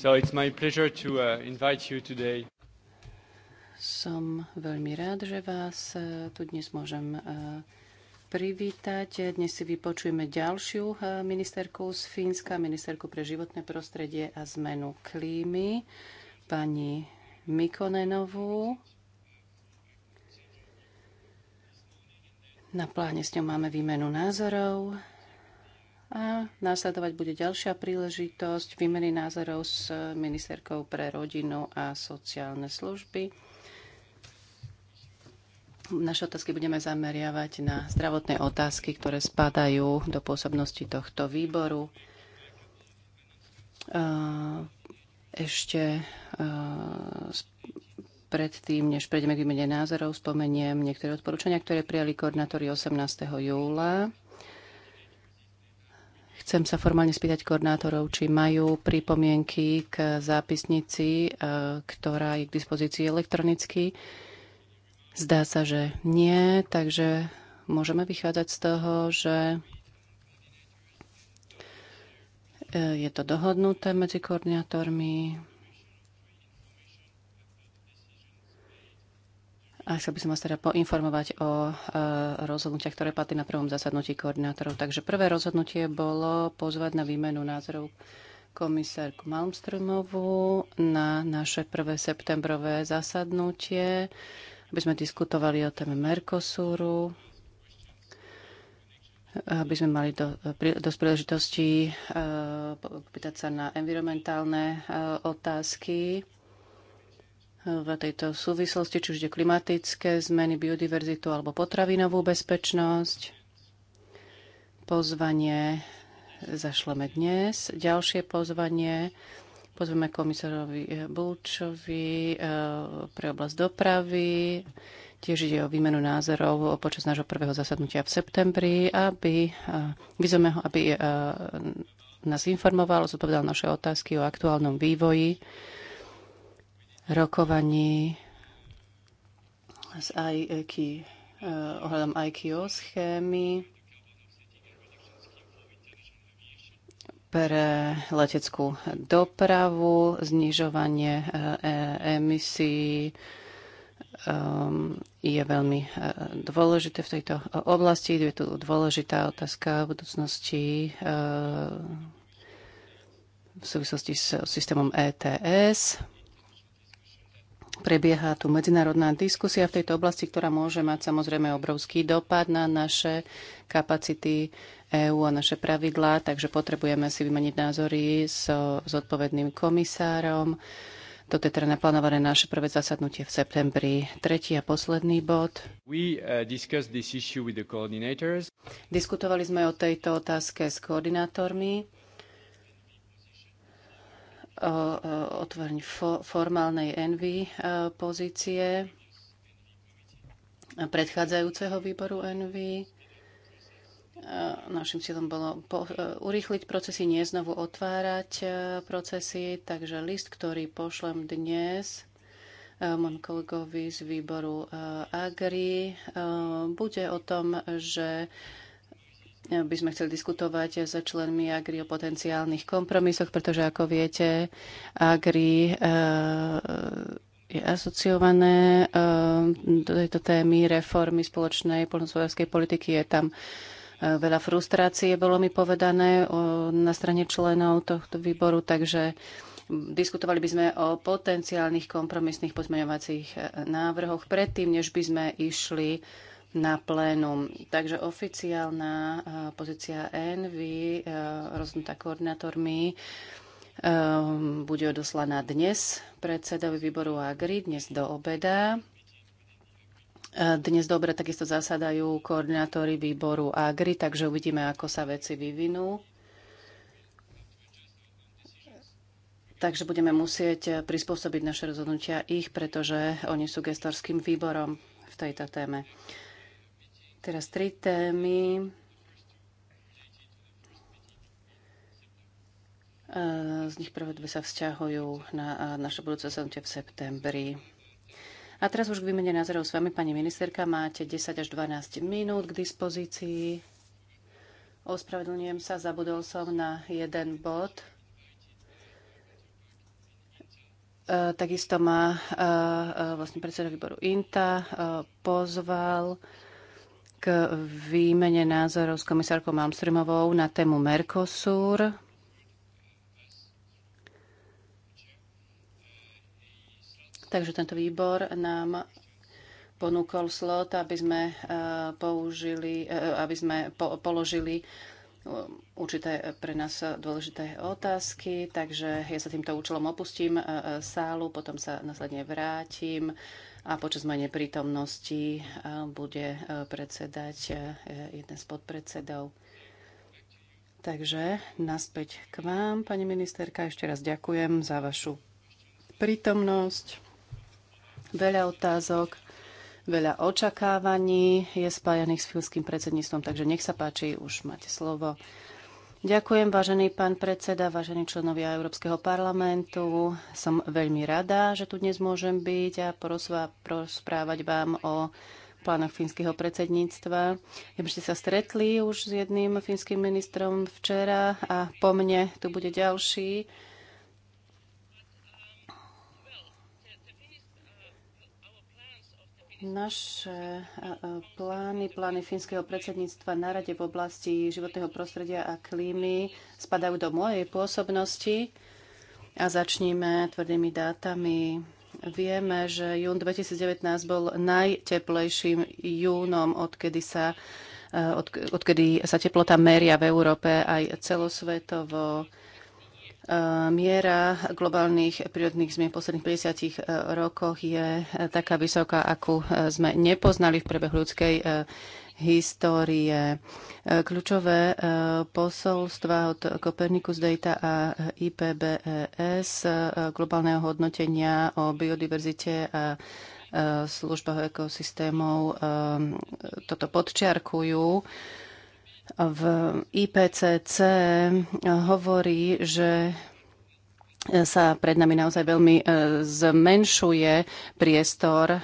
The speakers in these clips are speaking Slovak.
So it's my pleasure to uh, invite you today. Som veľmi rád, že vás uh, tu dnes môžem uh, privítať. Dnes si vypočujeme ďalšiu uh, ministerku z Fínska, ministerku pre životné prostredie a zmenu klímy, pani Mikonenovú. Na pláne s ňou máme výmenu názorov. A následovať bude ďalšia príležitosť výmeny názorov s ministerkou pre rodinu a sociálne služby. Naše otázky budeme zameriavať na zdravotné otázky, ktoré spadajú do pôsobnosti tohto výboru. Ešte predtým, než prejdeme k výmene názorov, spomeniem niektoré odporúčania, ktoré prijali koordinátori 18. júla Chcem sa formálne spýtať koordinátorov, či majú pripomienky k zápisnici, e, ktorá je k dispozícii elektronicky. Zdá sa, že nie, takže môžeme vychádzať z toho, že e, je to dohodnuté medzi koordinátormi. A chcel by som vás teda poinformovať o e, rozhodnutiach, ktoré padli na prvom zasadnutí koordinátorov. Takže prvé rozhodnutie bolo pozvať na výmenu názorov komisárku Malmströmovú na naše prvé septembrové zasadnutie, aby sme diskutovali o téme Mercosuru, aby sme mali do, dosť príležitostí e, pýtať sa na environmentálne e, otázky v tejto súvislosti, či už je klimatické zmeny, biodiverzitu alebo potravinovú bezpečnosť. Pozvanie zašleme dnes. Ďalšie pozvanie pozveme komisárovi Bulčovi eh, pre oblasť dopravy. Tiež ide o výmenu názorov počas nášho prvého zasadnutia v septembri, aby, eh, vyzveme ho, aby eh, nás informoval, zodpovedal naše otázky o aktuálnom vývoji rokovaní s IKI, eh, ohľadom IKO schémy pre leteckú dopravu, znižovanie eh, emisí eh, je veľmi dôležité v tejto oblasti. Je tu dôležitá otázka v budúcnosti v súvislosti s systémom ETS. Prebieha tu medzinárodná diskusia v tejto oblasti, ktorá môže mať samozrejme obrovský dopad na naše kapacity EÚ a naše pravidlá, takže potrebujeme si vymeniť názory so, s odpovedným komisárom. Toto je teda naplánované naše prvé zasadnutie v septembri. Tretí a posledný bod. Uh, Diskutovali sme o tejto otázke s koordinátormi otvorení formálnej envy pozície predchádzajúceho výboru envy. Našim cieľom bolo e, urýchliť procesy, nie znovu otvárať e, procesy, takže list, ktorý pošlem dnes e, môjmu kolegovi z výboru Agri, bude o tom, že by sme chceli diskutovať so členmi Agri o potenciálnych kompromisoch, pretože ako viete, Agri eh, je asociované eh, do tejto témy reformy spoločnej poľnohospodárskej politiky. Je tam eh, veľa frustrácie, bolo mi povedané na strane členov tohto výboru, takže diskutovali by sme o potenciálnych kompromisných pozmeňovacích návrhoch predtým, než by sme išli na plénum. Takže oficiálna eh, pozícia NV, eh, rozhodnutá koordinátormi, eh, bude odoslaná dnes predsedovi výboru AGRI, dnes do obeda. Dnes dobre takisto zasadajú koordinátori výboru AGRI, takže uvidíme, ako sa veci vyvinú. Takže budeme musieť prispôsobiť naše rozhodnutia ich, pretože oni sú gestorským výborom v tejto téme. Teraz tri témy. E, z nich prvé dve sa vzťahujú na naše budúce sednutie v septembri. A teraz už k výmene názorov s vami, pani ministerka, máte 10 až 12 minút k dispozícii. Ospravedlňujem sa, zabudol som na jeden bod. E, takisto ma e, vlastne predseda výboru INTA pozval k výmene názorov s komisárkou Malmströmovou na tému Mercosur. Takže tento výbor nám ponúkol slot, aby sme, eh, použili, eh, aby sme položili eh, určité pre nás dôležité otázky, takže ja sa týmto účelom opustím sálu, potom sa následne vrátim a počas mojej neprítomnosti eh, bude eh, predsedať eh, jeden z podpredsedov. Takže naspäť k vám, pani ministerka. Ešte raz ďakujem za vašu prítomnosť. Veľa otázok, veľa očakávaní je spájaných s filským predsedníctvom, takže nech sa páči, už máte slovo. Ďakujem, vážený pán predseda, vážení členovia Európskeho parlamentu. Som veľmi rada, že tu dnes môžem byť a porozprávať vám o plánoch fínskeho predsedníctva. Viem, že ste sa stretli už s jedným fínskym ministrom včera a po mne tu bude ďalší. Naše plány, plány fínskeho predsedníctva na rade v oblasti životného prostredia a klímy spadajú do mojej pôsobnosti a začníme tvrdými dátami. Vieme, že jún 2019 bol najteplejším júnom, odkedy sa, e, od, odkedy sa teplota meria v Európe aj celosvetovo. E, miera globálnych prírodných zmien v posledných 50 e, rokoch je e, taká vysoká, akú sme nepoznali v priebehu ľudskej histórie. Kľúčové posolstva od Copernicus Data a IPBES globálneho hodnotenia o biodiverzite a službách ekosystémov toto podčiarkujú v IPCC eh, hovorí, že eh, sa pred nami naozaj veľmi eh, zmenšuje priestor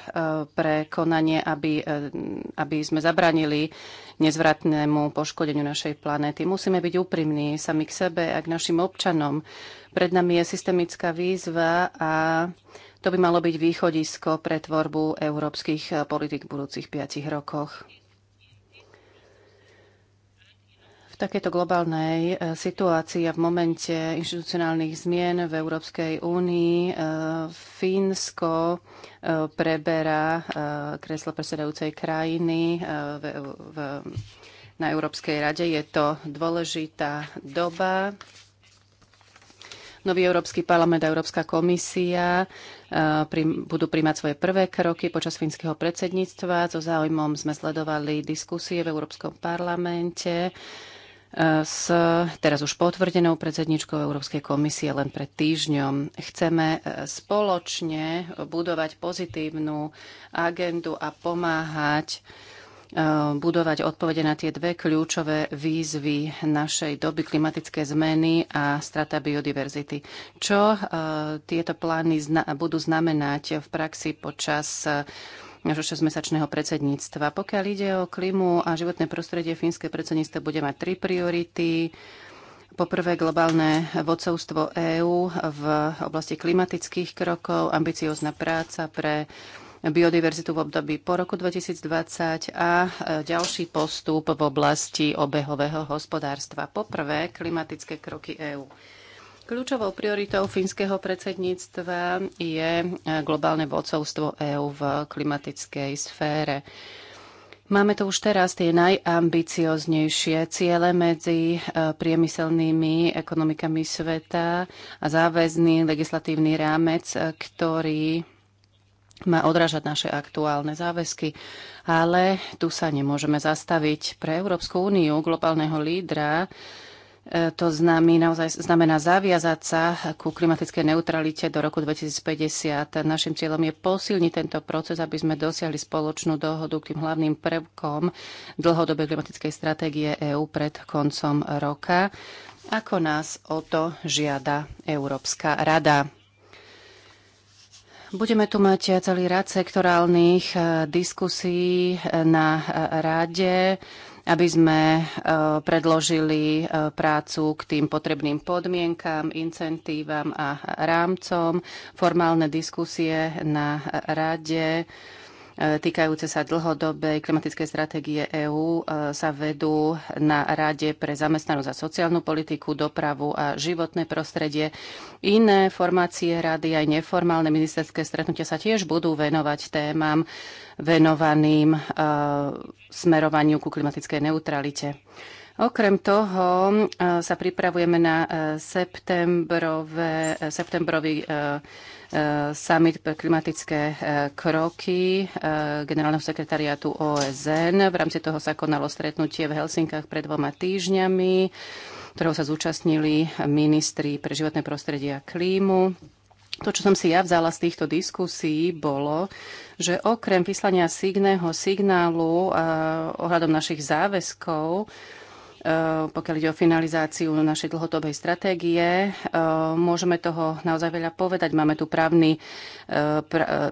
pre konanie, aby, aby sme zabranili nezvratnému poškodeniu našej planéty. Musíme byť úprimní sami k sebe a k našim občanom. Pred nami je systemická výzva a to by malo byť východisko pre tvorbu európskych politik v budúcich piatich rokoch. V takejto globálnej e, situácii a v momente inštitucionálnych zmien v Európskej únii e, Fínsko e, preberá kreslo predsedajúcej krajiny v, v, na Európskej rade. Je to dôležitá doba. Nový Európsky parlament a Európska komisia budú príjmať svoje prvé kroky počas fínskeho predsedníctva. So záujmom sme sledovali diskusie v Európskom parlamente s teraz už potvrdenou predsedničkou Európskej komisie len pred týždňom. Chceme e, spoločne budovať pozitívnu agendu a pomáhať e, budovať odpovede na tie dve kľúčové výzvy našej doby, klimatické zmeny a strata biodiverzity. Čo e, tieto plány budú znamenať v praxi počas nášho 6-mesačného predsedníctva. Pokiaľ ide o klimu a životné prostredie, fínske predsedníctvo bude mať tri priority. Poprvé globálne vodcovstvo EÚ v oblasti klimatických krokov, ambiciózna práca pre biodiverzitu v období po roku 2020 a ďalší postup v oblasti obehového hospodárstva. Poprvé klimatické kroky EÚ. Kľúčovou prioritou fínskeho predsedníctva je e, globálne vodcovstvo EÚ v klimatickej sfére. Máme tu už teraz tie najambicioznejšie ciele medzi e, priemyselnými ekonomikami sveta a záväzný legislatívny rámec, e, ktorý má odrážať naše aktuálne záväzky. Ale tu sa nemôžeme zastaviť. Pre Európsku úniu, globálneho lídra, to znamená, naozaj znamená zaviazať sa ku klimatickej neutralite do roku 2050. Našim cieľom je posilniť tento proces, aby sme dosiahli spoločnú dohodu k tým hlavným prvkom dlhodobej klimatickej stratégie EÚ pred koncom roka, ako nás o to žiada Európska rada. Budeme tu mať celý rad sektorálnych eh, diskusí eh, na eh, rade aby sme e, predložili e, prácu k tým potrebným podmienkám, incentívam a rámcom. Formálne diskusie na rade týkajúce sa dlhodobej klimatickej stratégie EÚ e, sa vedú na Rade pre zamestnanosť a sociálnu politiku, dopravu a životné prostredie. Iné formácie rady aj neformálne ministerské stretnutia sa tiež budú venovať témam venovaným e, smerovaniu ku klimatickej neutralite. Okrem toho e, sa pripravujeme na septembrové, septembrový e, Eh, summit pre klimatické eh, kroky eh, generálneho sekretariátu OSN. V rámci toho sa konalo stretnutie v Helsinkách pred dvoma týždňami, ktorého sa zúčastnili ministri pre životné prostredie a klímu. To, čo som si ja vzala z týchto diskusí, bolo, že okrem vyslania signého signálu ohľadom našich záväzkov, Eh, pokiaľ ide o finalizáciu našej dlhodobej stratégie. Eh, môžeme toho naozaj veľa povedať. Máme tu právny, eh,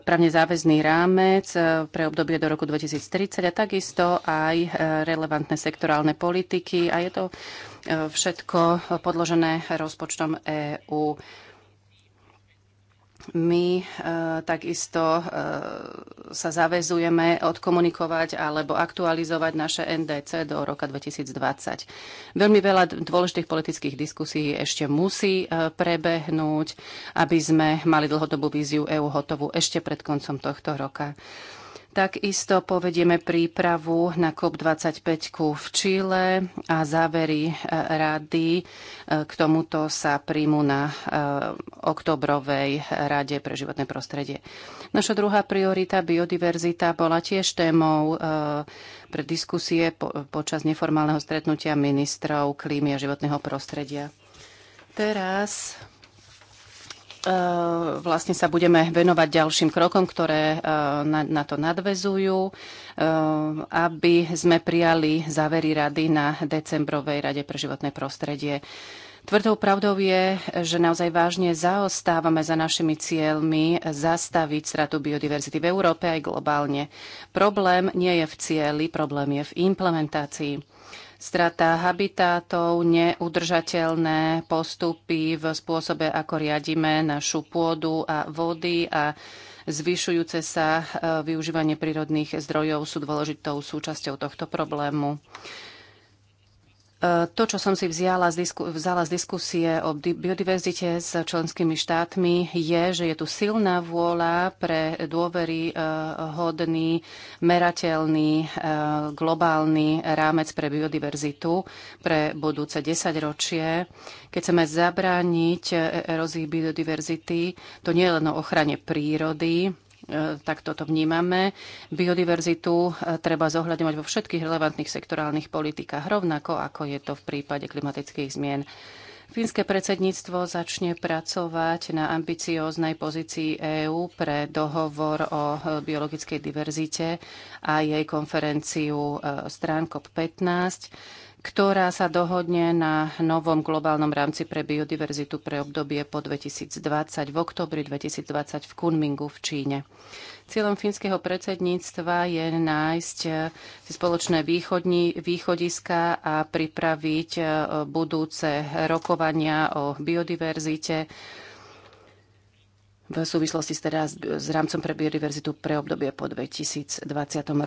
právne záväzný rámec pre obdobie do roku 2030 a takisto aj relevantné sektorálne politiky a je to všetko podložené rozpočtom EÚ my e, takisto e, sa zavezujeme odkomunikovať alebo aktualizovať naše NDC do roka 2020. Veľmi veľa dôležitých politických diskusí ešte musí e, prebehnúť, aby sme mali dlhodobú víziu EU hotovú ešte pred koncom tohto roka. Takisto povedieme prípravu na COP25 v Číle a závery e, rady e, k tomuto sa príjmu na e, oktobrovej rade pre životné prostredie. Naša druhá priorita, biodiverzita, bola tiež témou pre diskusie počas neformálneho stretnutia ministrov klímy a životného prostredia. Teraz E, vlastne sa budeme venovať ďalším krokom, ktoré e, na, na to nadvezujú, e, aby sme prijali závery rady na decembrovej Rade pre životné prostredie. Tvrdou pravdou je, že naozaj vážne zaostávame za našimi cieľmi zastaviť stratu biodiverzity v Európe aj globálne. Problém nie je v cieli, problém je v implementácii strata habitátov, neudržateľné postupy v spôsobe, ako riadime našu pôdu a vody a zvyšujúce sa e, využívanie prírodných zdrojov sú dôležitou súčasťou tohto problému. To, čo som si vzala z disku, vzala z diskusie o biodiverzite s členskými štátmi, je, že je tu silná vôľa pre dôvery eh, hodný, merateľný, eh, globálny rámec pre biodiverzitu pre budúce 10 ročie. Keď chceme zabrániť e- erózii biodiverzity, to nie je len o ochrane prírody, E, tak toto vnímame. Biodiverzitu e, treba zohľadňovať vo všetkých relevantných sektorálnych politikách, rovnako ako je to v prípade klimatických zmien. Fínske predsedníctvo začne pracovať na ambicióznej pozícii EÚ pre dohovor o e, biologickej diverzite a jej konferenciu strán COP15 ktorá sa dohodne na novom globálnom rámci pre biodiverzitu pre obdobie po 2020 v oktobri 2020 v Kunmingu v Číne. Cieľom fínskeho predsedníctva je nájsť eh, spoločné východní, východiska a pripraviť eh, budúce rokovania o biodiverzite v súvislosti teda s rámcom pre biodiverzitu pre obdobie po 2020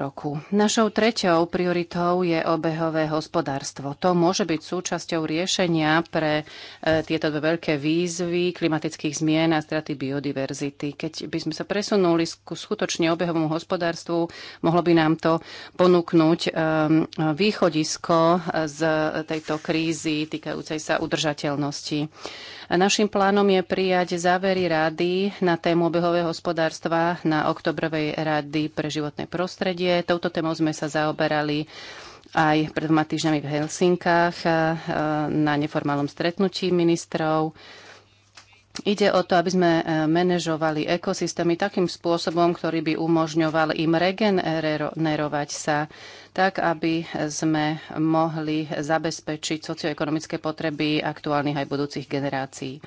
roku. Našou treťou prioritou je obehové hospodárstvo. To môže byť súčasťou riešenia pre e, tieto dve veľké výzvy klimatických zmien a straty biodiverzity. Keď by sme sa presunuli k skutočne obehovému hospodárstvu, mohlo by nám to ponúknuť e, východisko z tejto krízy týkajúcej sa udržateľnosti. Našim plánom je prijať závery rady na tému obehového hospodárstva na Oktobrovej rady pre životné prostredie. Touto témou sme sa zaoberali aj pred dvoma týždňami v Helsinkách e, na neformálnom stretnutí ministrov. Ide o to, aby sme e, manažovali ekosystémy takým spôsobom, ktorý by umožňoval im regenerovať sa, tak aby sme mohli zabezpečiť socioekonomické potreby aktuálnych aj budúcich generácií.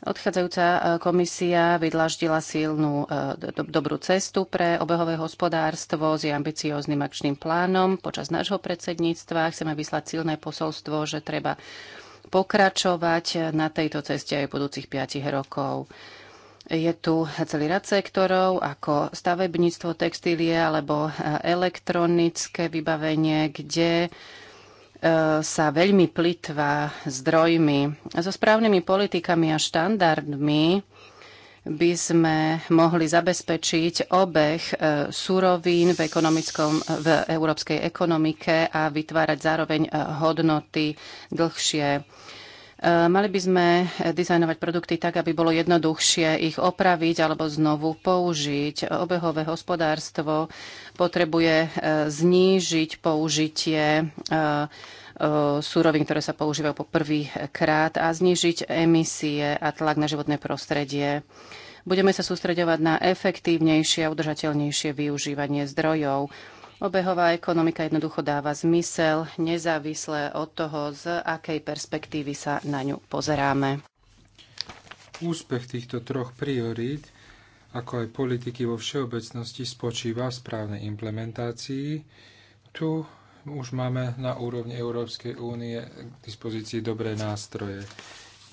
Odchádzajúca e, komisia vydlaždila silnú e, do, dobrú cestu pre obehové hospodárstvo s ambicióznym akčným plánom počas nášho predsedníctva. Chceme vyslať silné posolstvo, že treba pokračovať na tejto ceste aj budúcich 5 rokov. Je tu celý rad sektorov ako stavebníctvo, textílie alebo e, elektronické vybavenie, kde E, sa veľmi plitvá zdrojmi. So správnymi politikami a štandardmi by sme mohli zabezpečiť obeh e, surovín v, ekonomickom, v európskej ekonomike a vytvárať zároveň e, hodnoty dlhšie Eh, mali by sme eh, dizajnovať produkty tak, aby bolo jednoduchšie ich opraviť alebo znovu použiť. Obehové hospodárstvo potrebuje eh, znížiť použitie súrovín, ktoré sa používajú po prvý krát a znížiť emisie a tlak na životné prostredie. Budeme sa sústreďovať na efektívnejšie a udržateľnejšie využívanie zdrojov Obehová ekonomika jednoducho dáva zmysel, nezávisle od toho, z akej perspektívy sa na ňu pozeráme. Úspech týchto troch priorít, ako aj politiky vo všeobecnosti, spočíva v správnej implementácii. Tu už máme na úrovni Európskej únie k dispozícii dobré nástroje.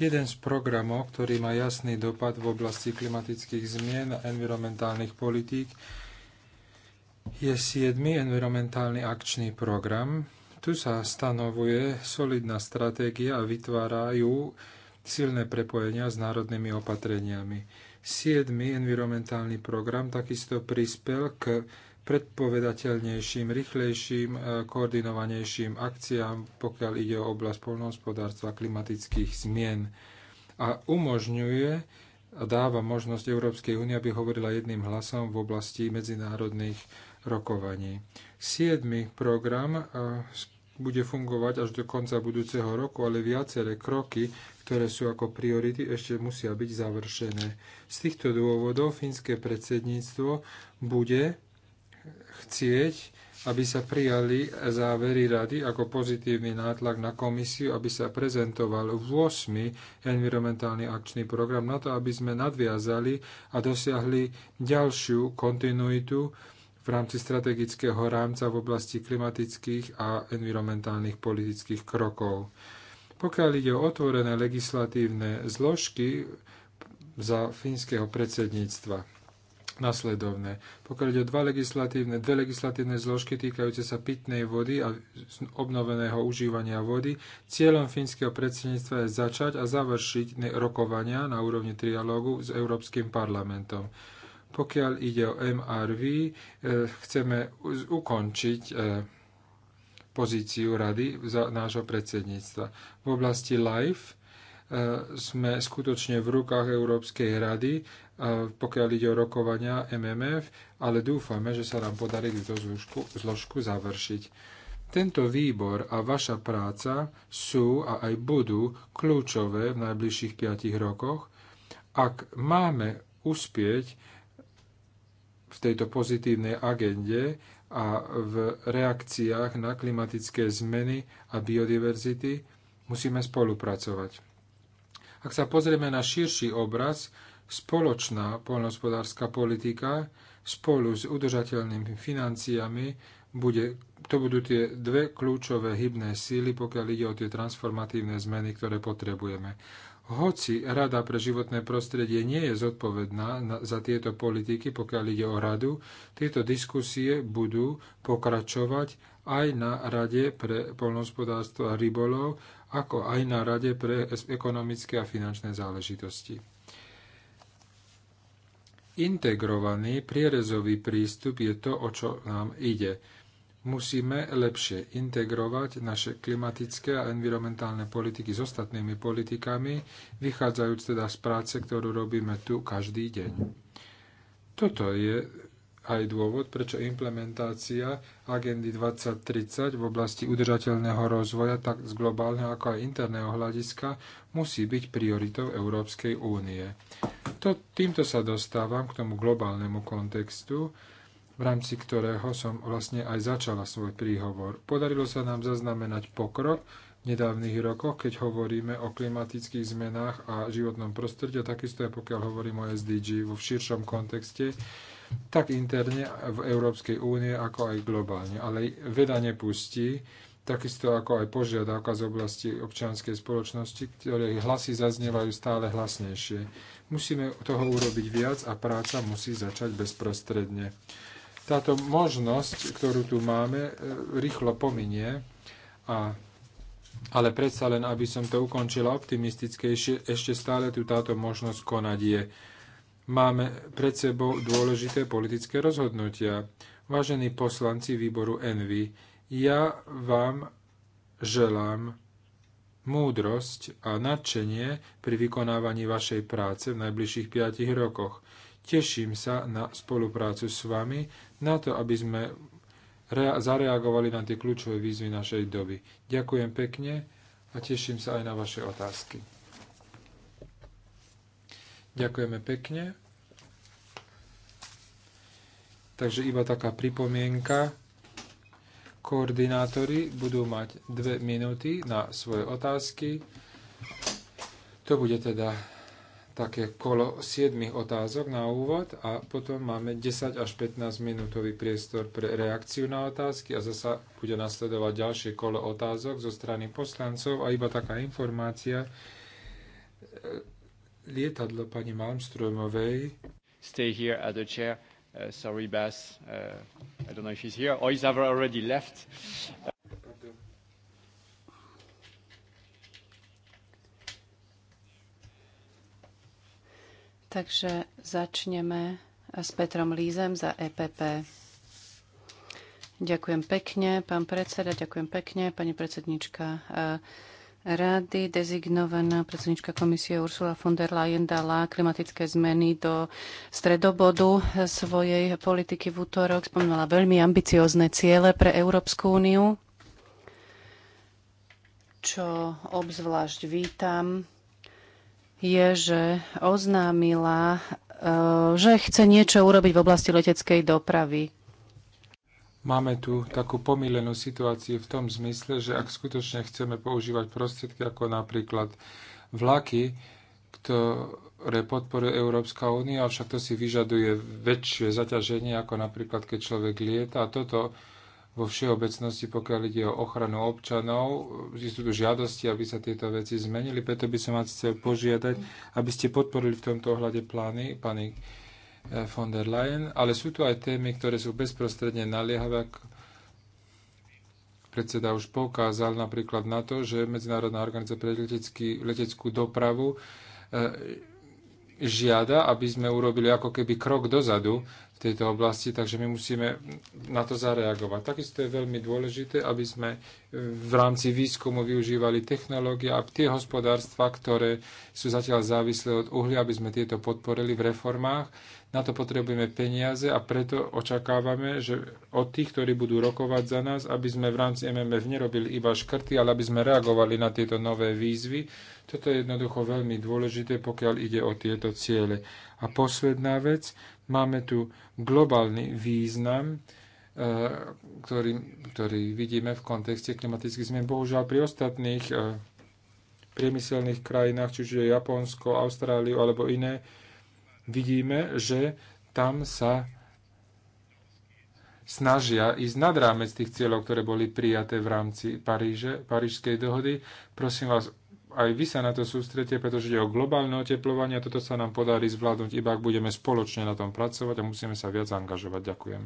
Jeden z programov, ktorý má jasný dopad v oblasti klimatických zmien a environmentálnych politík, je 7. environmentálny akčný program. Tu sa stanovuje solidná stratégia a vytvárajú silné prepojenia s národnými opatreniami. 7. environmentálny program takisto prispel k predpovedateľnejším, rýchlejším, e, koordinovanejším akciám, pokiaľ ide o oblasť poľnohospodárstva klimatických zmien a umožňuje a dáva možnosť Európskej únie, aby hovorila jedným hlasom v oblasti medzinárodných rokovaní. Siedmy program bude fungovať až do konca budúceho roku, ale viaceré kroky, ktoré sú ako priority, ešte musia byť završené. Z týchto dôvodov fínske predsedníctvo bude chcieť, aby sa prijali závery rady ako pozitívny nátlak na komisiu, aby sa prezentoval 8. environmentálny akčný program na to, aby sme nadviazali a dosiahli ďalšiu kontinuitu v rámci strategického rámca v oblasti klimatických a environmentálnych politických krokov. Pokiaľ ide o otvorené legislatívne zložky za fínskeho predsedníctva, nasledovné. Pokiaľ ide o dva legislatívne, dve legislatívne zložky týkajúce sa pitnej vody a obnoveného užívania vody, cieľom fínskeho predsedníctva je začať a završiť rokovania na úrovni trialógu s Európskym parlamentom. Pokiaľ ide o MRV, e, chceme ukončiť e, pozíciu rady za nášho predsedníctva. V oblasti LIFE e, sme skutočne v rukách Európskej rady, pokiaľ ide o rokovania MMF, ale dúfame, že sa nám podarí túto zložku, završiť. Tento výbor a vaša práca sú a aj budú kľúčové v najbližších 5 rokoch. Ak máme uspieť v tejto pozitívnej agende a v reakciách na klimatické zmeny a biodiverzity musíme spolupracovať. Ak sa pozrieme na širší obraz, spoločná poľnohospodárska politika spolu s udržateľnými financiami bude, to budú tie dve kľúčové hybné síly, pokiaľ ide o tie transformatívne zmeny, ktoré potrebujeme. Hoci Rada pre životné prostredie nie je zodpovedná za tieto politiky, pokiaľ ide o radu, tieto diskusie budú pokračovať aj na Rade pre polnohospodárstvo a rybolov, ako aj na Rade pre ekonomické a finančné záležitosti. Integrovaný prierezový prístup je to, o čo nám ide musíme lepšie integrovať naše klimatické a environmentálne politiky s ostatnými politikami, vychádzajúc teda z práce, ktorú robíme tu každý deň. Toto je aj dôvod, prečo implementácia agendy 2030 v oblasti udržateľného rozvoja tak z globálneho ako aj interného hľadiska musí byť prioritou Európskej únie. To, týmto sa dostávam k tomu globálnemu kontextu, v rámci ktorého som vlastne aj začala svoj príhovor. Podarilo sa nám zaznamenať pokrok v nedávnych rokoch, keď hovoríme o klimatických zmenách a životnom prostredí, a takisto aj pokiaľ hovorím o SDG vo širšom kontexte, tak interne v Európskej únie, ako aj globálne. Ale veda nepustí, takisto ako aj požiadavka z oblasti občianskej spoločnosti, ktoré hlasy zaznievajú stále hlasnejšie. Musíme toho urobiť viac a práca musí začať bezprostredne táto možnosť, ktorú tu máme, e, rýchlo pominie. A, ale predsa len, aby som to ukončila optimistickejšie, ešte stále tu táto možnosť konať je. Máme pred sebou dôležité politické rozhodnutia. Vážení poslanci výboru Envy, ja vám želám múdrosť a nadšenie pri vykonávaní vašej práce v najbližších 5 rokoch. Teším sa na spoluprácu s vami, na to, aby sme zareagovali na tie kľúčové výzvy našej doby. Ďakujem pekne a teším sa aj na vaše otázky. Ďakujeme pekne. Takže iba taká pripomienka. Koordinátori budú mať dve minúty na svoje otázky. To bude teda také kolo 7 otázok na úvod a potom máme 10 až 15 minútový priestor pre reakciu na otázky a zasa bude nasledovať ďalšie kolo otázok zo strany poslancov a iba taká informácia. E, lietadlo pani Malmströmovej. Stay here at the chair. Uh, sorry, Bas. Uh, I don't know if he's here Oh, he's already left. Uh, Takže začneme s Petrom Lízem za EPP. Ďakujem pekne, pán predseda, ďakujem pekne, pani predsednička eh, rady, dezignovaná predsednička komisie Ursula von der Leyen dala klimatické zmeny do stredobodu svojej politiky v útorok. Spomínala veľmi ambiciozne ciele pre Európsku úniu, čo obzvlášť vítam je, že oznámila, e, že chce niečo urobiť v oblasti leteckej dopravy. Máme tu takú pomílenú situáciu v tom zmysle, že ak skutočne chceme používať prostriedky ako napríklad vlaky, ktoré podporuje Európska únia, avšak to si vyžaduje väčšie zaťaženie ako napríklad keď človek lieta. A toto vo všeobecnosti, pokiaľ ide o ochranu občanov. Sú tu žiadosti, aby sa tieto veci zmenili, preto by som vás chcel požiadať, aby ste podporili v tomto ohľade plány pani eh, von der Leyen, ale sú tu aj témy, ktoré sú bezprostredne naliehavé. Predseda už poukázal napríklad na to, že Medzinárodná organizácia pre letecký, leteckú dopravu eh, žiada, aby sme urobili ako keby krok dozadu v tejto oblasti, takže my musíme na to zareagovať. Takisto je veľmi dôležité, aby sme v rámci výskumu využívali technológie a tie hospodárstva, ktoré sú zatiaľ závislé od uhlia, aby sme tieto podporili v reformách. Na to potrebujeme peniaze a preto očakávame, že od tých, ktorí budú rokovať za nás, aby sme v rámci MMF nerobili iba škrty, ale aby sme reagovali na tieto nové výzvy. Toto je jednoducho veľmi dôležité, pokiaľ ide o tieto ciele. A posledná vec, Máme tu globálny význam, e, ktorý, ktorý vidíme v kontexte klimatických zmien. Bohužiaľ pri ostatných e, priemyselných krajinách, čiže Japonsko, Austráliu alebo iné, vidíme, že tam sa snažia ísť nad rámec tých cieľov, ktoré boli prijaté v rámci Paríže, Parížskej dohody. Prosím vás, aj vy sa na to sústrete, pretože je o globálne oteplovanie a toto sa nám podarí zvládnuť, iba ak budeme spoločne na tom pracovať a musíme sa viac angažovať. Ďakujem.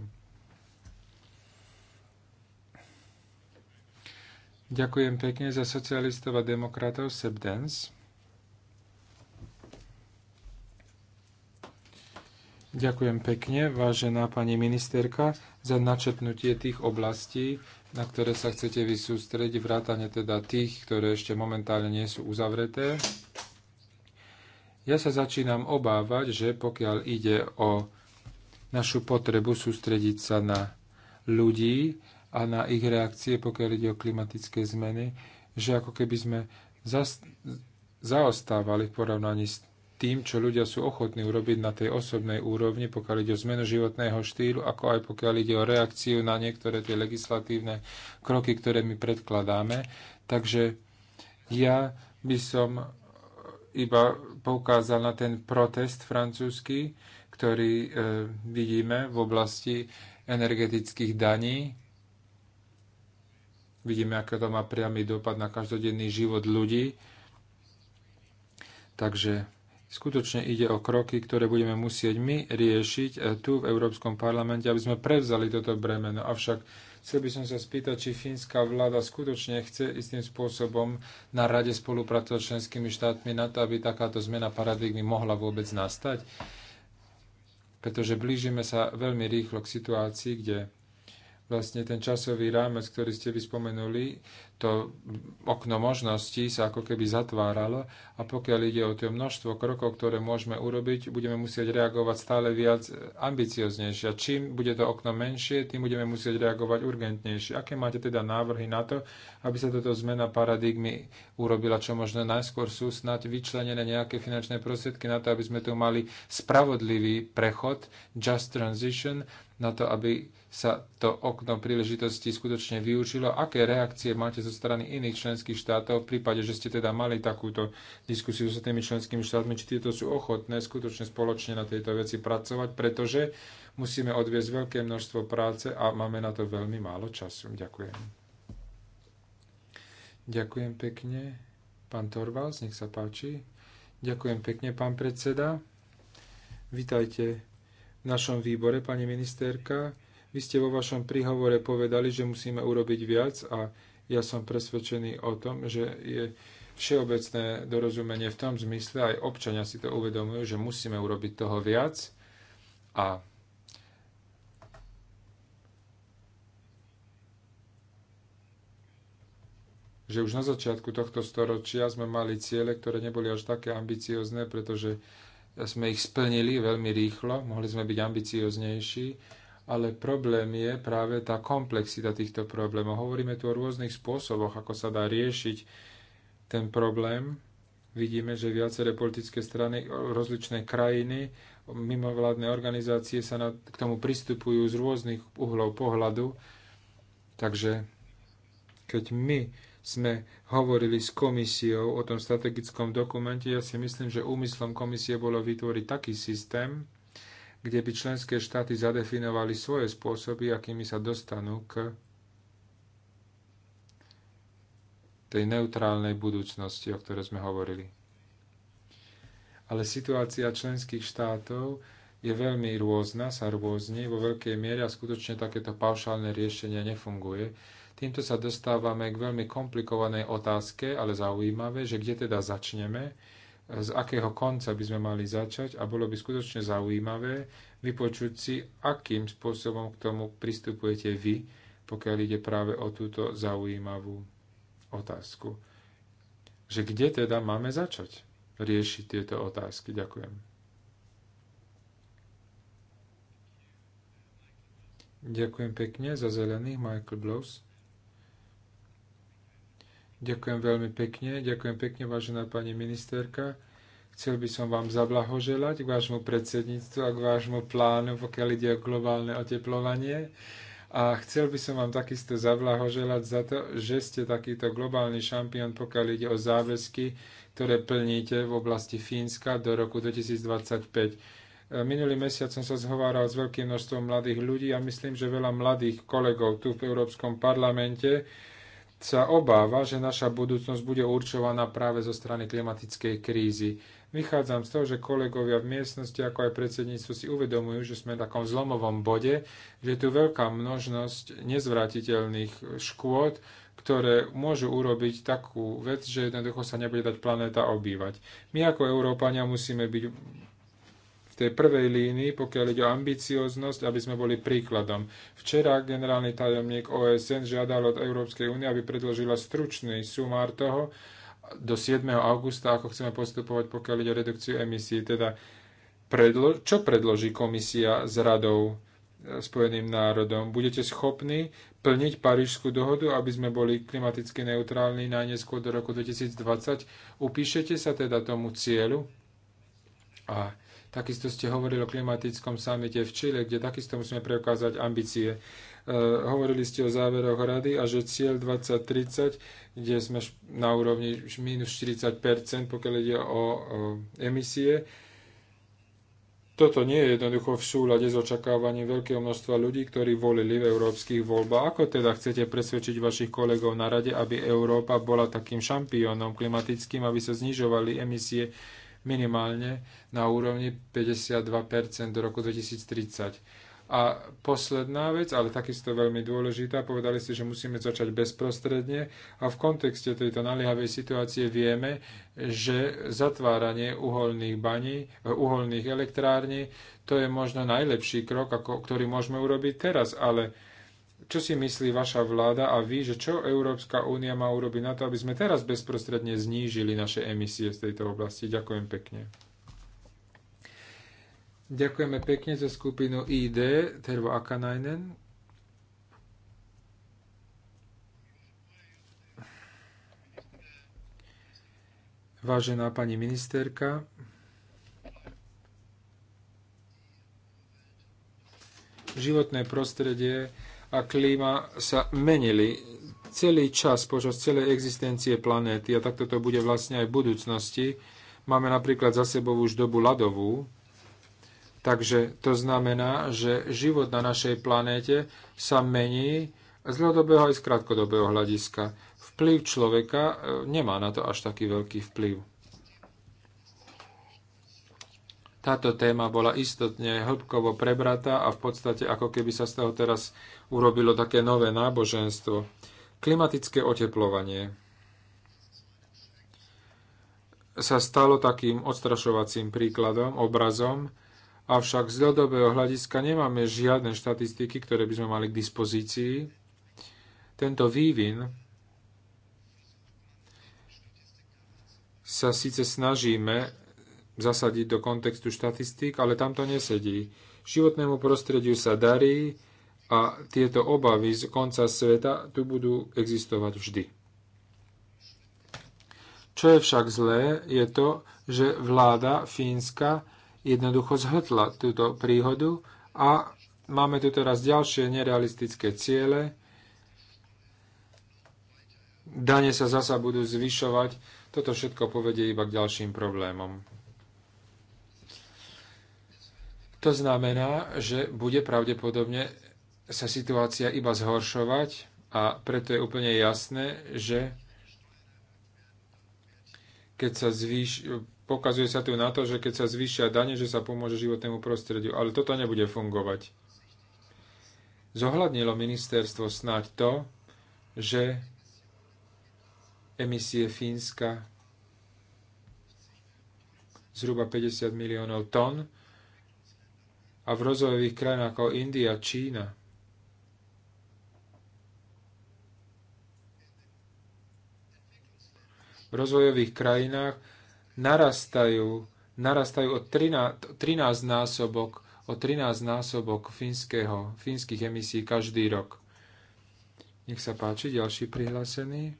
Ďakujem pekne za socialistov a demokratov Sebdens. Ďakujem pekne, vážená pani ministerka, za načetnutie tých oblastí, na ktoré sa chcete vy sústrediť, vrátane teda tých, ktoré ešte momentálne nie sú uzavreté. Ja sa začínam obávať, že pokiaľ ide o našu potrebu sústrediť sa na ľudí a na ich reakcie, pokiaľ ide o klimatické zmeny, že ako keby sme zaostávali v porovnaní s tým, čo ľudia sú ochotní urobiť na tej osobnej úrovni, pokiaľ ide o zmenu životného štýlu, ako aj pokiaľ ide o reakciu na niektoré tie legislatívne kroky, ktoré my predkladáme. Takže ja by som iba poukázal na ten protest francúzsky, ktorý e, vidíme v oblasti energetických daní. Vidíme, ako to má priamy dopad na každodenný život ľudí. Takže Skutočne ide o kroky, ktoré budeme musieť my riešiť eh, tu v Európskom parlamente, aby sme prevzali toto bremeno. Avšak chcel by som sa spýtať, či fínska vláda skutočne chce istým spôsobom na rade spolupracovať s členskými štátmi na to, aby takáto zmena paradigmy mohla vôbec nastať. Pretože blížime sa veľmi rýchlo k situácii, kde vlastne ten časový rámec, ktorý ste vyspomenuli, to okno možností sa ako keby zatváralo a pokiaľ ide o to množstvo krokov, ktoré môžeme urobiť, budeme musieť reagovať stále viac ambicioznejšie. Čím bude to okno menšie, tým budeme musieť reagovať urgentnejšie. Aké máte teda návrhy na to, aby sa toto zmena paradigmy urobila čo možno najskôr sú snať vyčlenené nejaké finančné prostriedky na to, aby sme tu mali spravodlivý prechod, just transition, na to, aby sa to okno príležitosti skutočne vyučilo? Aké reakcie máte zo strany iných členských štátov v prípade, že ste teda mali takúto diskusiu s tými členskými štátmi, či tieto sú ochotné skutočne spoločne na tejto veci pracovať, pretože musíme odviesť veľké množstvo práce a máme na to veľmi málo času. Ďakujem. Ďakujem pekne. Pán Torvalds, nech sa páči. Ďakujem pekne, pán predseda. Vítajte v našom výbore, pani ministerka. Vy ste vo vašom príhovore povedali, že musíme urobiť viac a ja som presvedčený o tom, že je všeobecné dorozumenie v tom zmysle, aj občania si to uvedomujú, že musíme urobiť toho viac a že už na začiatku tohto storočia sme mali ciele, ktoré neboli až také ambiciozne, pretože sme ich splnili veľmi rýchlo, mohli sme byť ambicioznejší ale problém je práve tá komplexita týchto problémov. Hovoríme tu o rôznych spôsoboch, ako sa dá riešiť ten problém. Vidíme, že viaceré politické strany, rozličné krajiny, mimovládne organizácie sa na, k tomu pristupujú z rôznych uhlov pohľadu. Takže keď my sme hovorili s komisiou o tom strategickom dokumente, ja si myslím, že úmyslom komisie bolo vytvoriť taký systém, kde by členské štáty zadefinovali svoje spôsoby, akými sa dostanú k tej neutrálnej budúcnosti, o ktorej sme hovorili. Ale situácia členských štátov je veľmi rôzna, sa rôzni vo veľkej miere a skutočne takéto paušálne riešenie nefunguje. Týmto sa dostávame k veľmi komplikovanej otázke, ale zaujímavé, že kde teda začneme, z akého konca by sme mali začať a bolo by skutočne zaujímavé vypočuť si, akým spôsobom k tomu pristupujete vy, pokiaľ ide práve o túto zaujímavú otázku. Že kde teda máme začať riešiť tieto otázky? Ďakujem. Ďakujem pekne za zelených, Michael Blows. Ďakujem veľmi pekne. Ďakujem pekne, vážená pani ministerka. Chcel by som vám zablahoželať k vášmu predsedníctvu a k vášmu plánu, pokiaľ ide o globálne oteplovanie. A chcel by som vám takisto zablahoželať za to, že ste takýto globálny šampión, pokiaľ ide o záväzky, ktoré plníte v oblasti Fínska do roku 2025. E, minulý mesiac som sa zhováral s veľkým množstvom mladých ľudí a myslím, že veľa mladých kolegov tu v Európskom parlamente sa obáva, že naša budúcnosť bude určovaná práve zo strany klimatickej krízy. Vychádzam z toho, že kolegovia v miestnosti, ako aj predsedníctvo si uvedomujú, že sme v takom zlomovom bode, že je tu veľká množnosť nezvratiteľných škôd, ktoré môžu urobiť takú vec, že jednoducho sa nebude dať planéta obývať. My ako Európania musíme byť tej prvej línii, pokiaľ ide o ambicioznosť, aby sme boli príkladom. Včera generálny tajomník OSN žiadal od Európskej únie, aby predložila stručný sumár toho do 7. augusta, ako chceme postupovať, pokiaľ ide o redukciu emisí. Teda predlo- čo predloží komisia s radou e, Spojeným národom? Budete schopní plniť Parížskú dohodu, aby sme boli klimaticky neutrálni najneskôr do roku 2020? Upíšete sa teda tomu cieľu? A Takisto ste hovorili o klimatickom samite v Čile, kde takisto musíme preukázať ambície. E, hovorili ste o záveroch rady a že cieľ 2030, kde sme na úrovni minus 40 pokiaľ ide o emisie, toto nie je jednoducho v súlade s očakávaním veľkého množstva ľudí, ktorí volili v európskych voľbách. Ako teda chcete presvedčiť vašich kolegov na rade, aby Európa bola takým šampiónom klimatickým, aby sa znižovali emisie minimálne na úrovni 52% do roku 2030. A posledná vec, ale takisto veľmi dôležitá, povedali ste, že musíme začať bezprostredne a v kontexte tejto naliehavej situácie vieme, že zatváranie uholných baní, eh, uholných elektrární, to je možno najlepší krok, ako, ktorý môžeme urobiť teraz, ale čo si myslí vaša vláda a vy, že čo Európska únia má urobiť na to, aby sme teraz bezprostredne znížili naše emisie z tejto oblasti? Ďakujem pekne. Ďakujeme pekne za skupinu ID, Tervo Akanainen. Vážená pani ministerka, životné prostredie a klíma sa menili celý čas počas celej existencie planéty a takto to bude vlastne aj v budúcnosti. Máme napríklad za sebou už dobu ľadovú, takže to znamená, že život na našej planéte sa mení z dlhodobého aj z krátkodobého hľadiska. Vplyv človeka e, nemá na to až taký veľký vplyv. Táto téma bola istotne hĺbkovo prebratá a v podstate ako keby sa z toho teraz urobilo také nové náboženstvo. Klimatické oteplovanie sa stalo takým odstrašovacím príkladom, obrazom, avšak z dlhodobého hľadiska nemáme žiadne štatistiky, ktoré by sme mali k dispozícii. Tento vývin sa síce snažíme zasadiť do kontextu štatistík, ale tam to nesedí. Životnému prostrediu sa darí a tieto obavy z konca sveta tu budú existovať vždy. Čo je však zlé, je to, že vláda Fínska jednoducho zhltla túto príhodu a máme tu teraz ďalšie nerealistické ciele. Dane sa zasa budú zvyšovať. Toto všetko povedie iba k ďalším problémom. To znamená, že bude pravdepodobne sa situácia iba zhoršovať a preto je úplne jasné, že keď sa zvýš, pokazuje sa tu na to, že keď sa zvýšia dane, že sa pomôže životnému prostrediu. Ale toto nebude fungovať. Zohľadnilo ministerstvo snáď to, že emisie Fínska zhruba 50 miliónov tón a v rozvojových krajinách ako India, Čína, v rozvojových krajinách narastajú, narastajú o 13, 13 násobok, o 13 násobok fínskeho, fínskych emisí každý rok. Nech sa páči, ďalší prihlásený.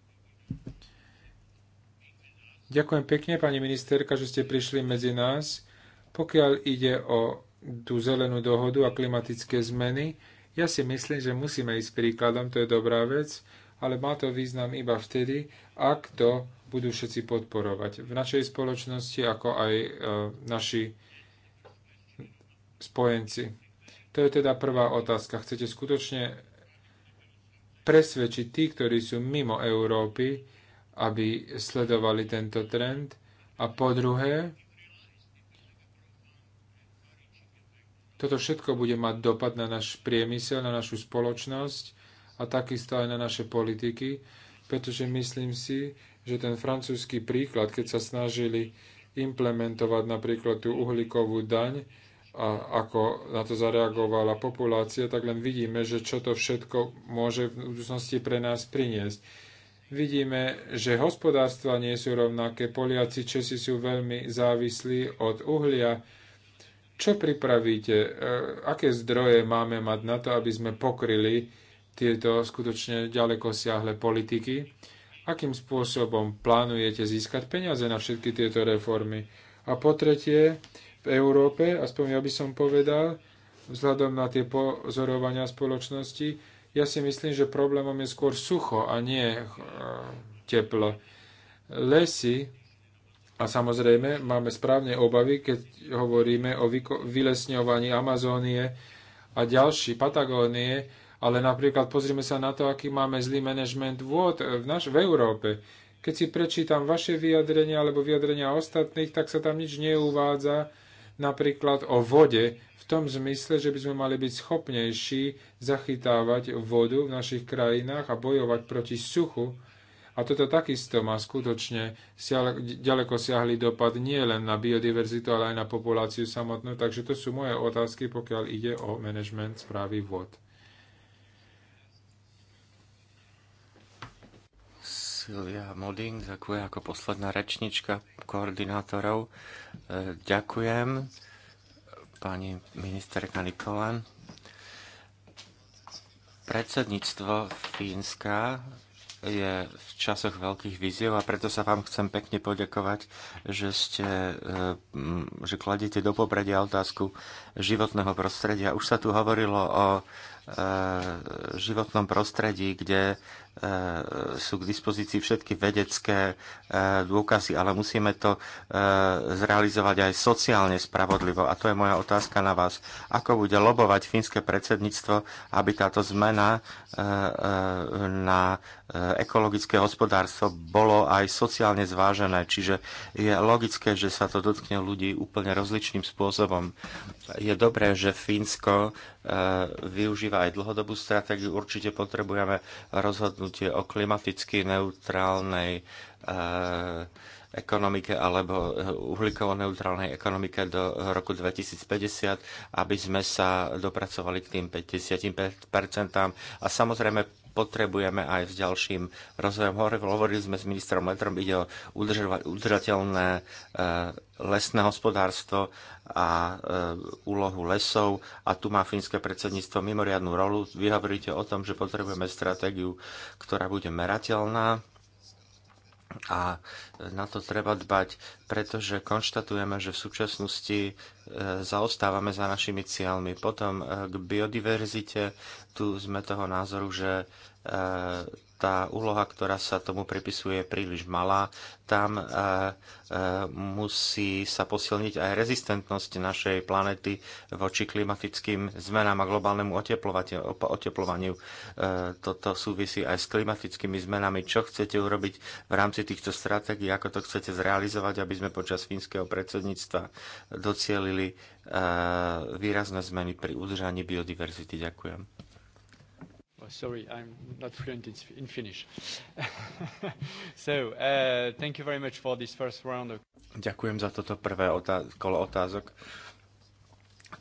Ďakujem pekne, pani ministerka, že ste prišli medzi nás. Pokiaľ ide o tú zelenú dohodu a klimatické zmeny, ja si myslím, že musíme ísť príkladom, to je dobrá vec, ale má to význam iba vtedy, ak to budú všetci podporovať. V našej spoločnosti, ako aj e, naši spojenci. To je teda prvá otázka. Chcete skutočne presvedčiť tí, ktorí sú mimo Európy, aby sledovali tento trend? A po druhé, Toto všetko bude mať dopad na náš priemysel, na našu spoločnosť a takisto aj na naše politiky, pretože myslím si, že ten francúzsky príklad, keď sa snažili implementovať napríklad tú uhlíkovú daň a ako na to zareagovala populácia, tak len vidíme, že čo to všetko môže v budúcnosti pre nás priniesť. Vidíme, že hospodárstva nie sú rovnaké. Poliaci Česi sú veľmi závislí od uhlia, čo pripravíte? E, aké zdroje máme mať na to, aby sme pokryli tieto skutočne ďaleko siahle politiky? Akým spôsobom plánujete získať peniaze na všetky tieto reformy? A po tretie, v Európe, aspoň ja by som povedal, vzhľadom na tie pozorovania spoločnosti, ja si myslím, že problémom je skôr sucho a nie e, teplo. Lesy a samozrejme, máme správne obavy, keď hovoríme o vylesňovaní Amazónie a ďalší Patagónie, ale napríklad pozrime sa na to, aký máme zlý manažment vôd v, naš, v Európe. Keď si prečítam vaše vyjadrenia alebo vyjadrenia ostatných, tak sa tam nič neuvádza napríklad o vode v tom zmysle, že by sme mali byť schopnejší zachytávať vodu v našich krajinách a bojovať proti suchu, a toto takisto má skutočne ďaleko siahli dopad nie len na biodiverzitu, ale aj na populáciu samotnú. Takže to sú moje otázky, pokiaľ ide o management správy vod. Silvia Modin, ďakujem ako posledná rečnička koordinátorov. E, ďakujem pani ministerka Nikolan. Predsedníctvo Fínska je v časoch veľkých víziev a preto sa vám chcem pekne poďakovať, že, ste, e, že kladiete do popredia otázku životného prostredia. Už sa tu hovorilo o e, životnom prostredí, kde Eh, sú k dispozícii všetky vedecké eh, dôkazy, ale musíme to eh, zrealizovať aj sociálne spravodlivo. A to je moja otázka na vás. Ako bude lobovať fínske predsedníctvo, aby táto zmena na ekologické hospodárstvo bolo aj sociálne zvážené? Čiže je logické, že sa to dotkne ľudí úplne rozličným spôsobom. Je dobré, že Fínsko využíva aj dlhodobú stratégiu. Určite potrebujeme rozhodnúť rozhodnutie o klimaticky neutrálnej eh, ekonomike alebo eh, uhlíkovo-neutrálnej ekonomike do roku 2050, aby sme sa dopracovali k tým 50% a samozrejme potrebujeme aj s ďalším rozvojom. Hovorili sme s ministrom Letrom, ide o udržateľné eh, lesné hospodárstvo a eh, úlohu lesov a tu má fínske predsedníctvo mimoriadnú rolu. Vy hovoríte o tom, že potrebujeme stratégiu, ktorá bude merateľná a na to treba dbať, pretože konštatujeme, že v súčasnosti e, zaostávame za našimi cieľmi. Potom e, k biodiverzite, tu sme toho názoru, že e, tá úloha, ktorá sa tomu pripisuje, je príliš malá. Tam e, e, musí sa posilniť aj rezistentnosť našej planety voči klimatickým zmenám a globálnemu oteplovaniu. E, toto súvisí aj s klimatickými zmenami. Čo chcete urobiť v rámci týchto stratégií, ako to chcete zrealizovať, aby sme počas fínskeho predsedníctva docielili výrazné zmeny pri udržaní biodiverzity. Ďakujem sorry, I'm not fluent in, Finnish. so, uh, thank you very much for this first round of... Ďakujem za toto prvé kolo otázok.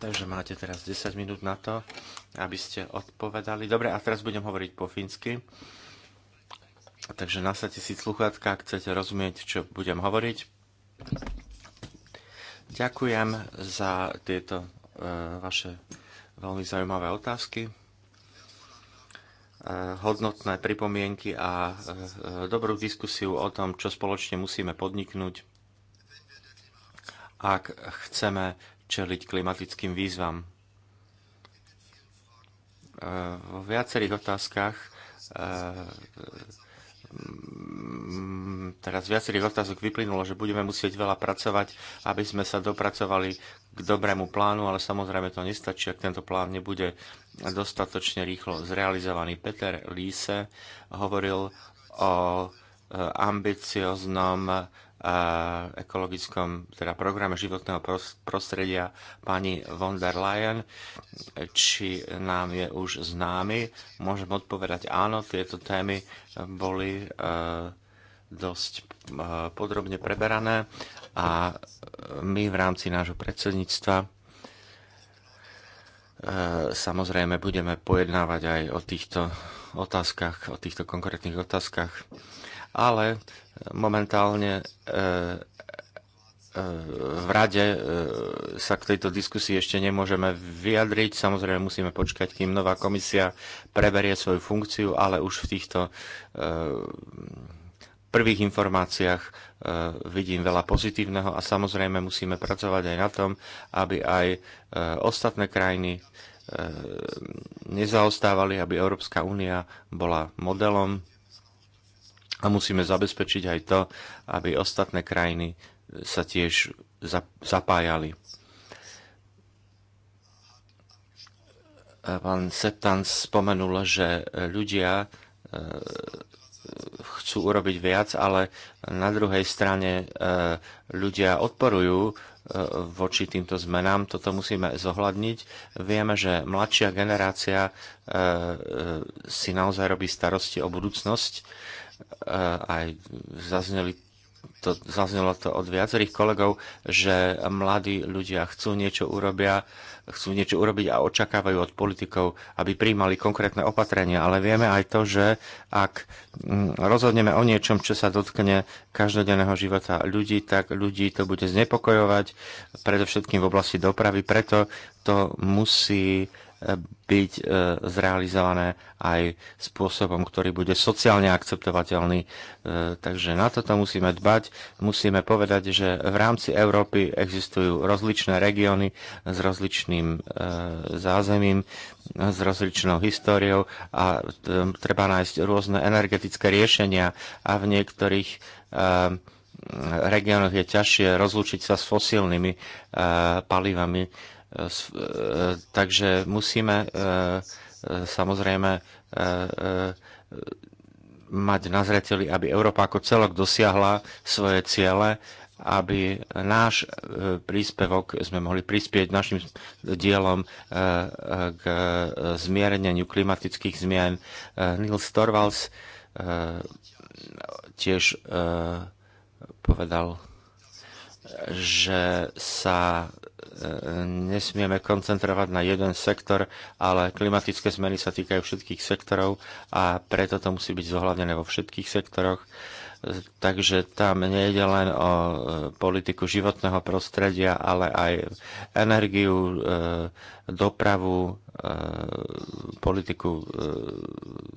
Takže máte teraz 10 minút na to, aby ste odpovedali. Dobre, a teraz budem hovoriť po fínsky. Takže nasadte si sluchátka, ak chcete rozumieť, čo budem hovoriť. Ďakujem za tieto e, vaše veľmi zaujímavé otázky. E, hodnotné pripomienky a e, dobrú diskusiu o tom, čo spoločne musíme podniknúť, ak chceme čeliť klimatickým výzvam. E, v viacerých otázkach Mm, teraz viacerých otázok vyplynulo, že budeme musieť veľa pracovať, aby sme sa dopracovali k dobrému plánu, ale samozrejme to nestačí, ak tento plán nebude dostatočne rýchlo zrealizovaný. Peter Líse hovoril o e, ambicioznom ekologickom teda programe životného prostredia pani von der Leyen, či nám je už známy. Môžem odpovedať áno, tieto témy boli e, dosť e, podrobne preberané a e, my v rámci nášho predsedníctva samozrejme budeme pojednávať aj o týchto otázkach, o týchto konkrétnych otázkach, ale Momentálne e, e, v rade e, sa k tejto diskusii ešte nemôžeme vyjadriť. Samozrejme musíme počkať, kým nová komisia preberie svoju funkciu, ale už v týchto prvých informáciách vidím veľa pozitívneho a samozrejme musíme pracovať aj na tom, aby aj ostatné krajiny nezaostávali, aby Európska únia bola modelom a musíme zabezpečiť aj to, aby ostatné krajiny sa tiež zapájali. Pán Septan spomenul, že ľudia e, chcú urobiť viac, ale na druhej strane e, ľudia odporujú e, voči týmto zmenám. Toto musíme zohľadniť. Vieme, že mladšia generácia si naozaj robí starosti o budúcnosť aj zazneli to, zaznelo to od viacerých kolegov, že mladí ľudia chcú niečo urobia, chcú niečo urobiť a očakávajú od politikov, aby príjmali konkrétne opatrenia. Ale vieme aj to, že ak mm, rozhodneme o niečom, čo sa dotkne každodenného života ľudí, tak ľudí to bude znepokojovať, predovšetkým v oblasti dopravy. Preto to musí byť e, zrealizované aj spôsobom, ktorý bude sociálne akceptovateľný. E, takže na toto musíme dbať. Musíme povedať, že v rámci Európy existujú rozličné regióny s rozličným e, zázemím, s rozličnou históriou a treba nájsť rôzne energetické riešenia a v niektorých regiónoch je ťažšie rozlučiť sa s fosílnymi palivami E, takže musíme e, e, samozrejme mať na zreteli, aby Európa ako celok dosiahla svoje ciele, aby náš príspevok sme mohli prispieť našim dielom k zmierneniu klimatických zmien. Nils Torvalds tiež povedal, že sa nesmieme koncentrovať na jeden sektor, ale klimatické zmeny sa týkajú všetkých sektorov a preto to musí byť zohľadené vo všetkých sektoroch. Takže tam nejde len o e, politiku životného prostredia, ale aj energiu, e, dopravu, e, politiku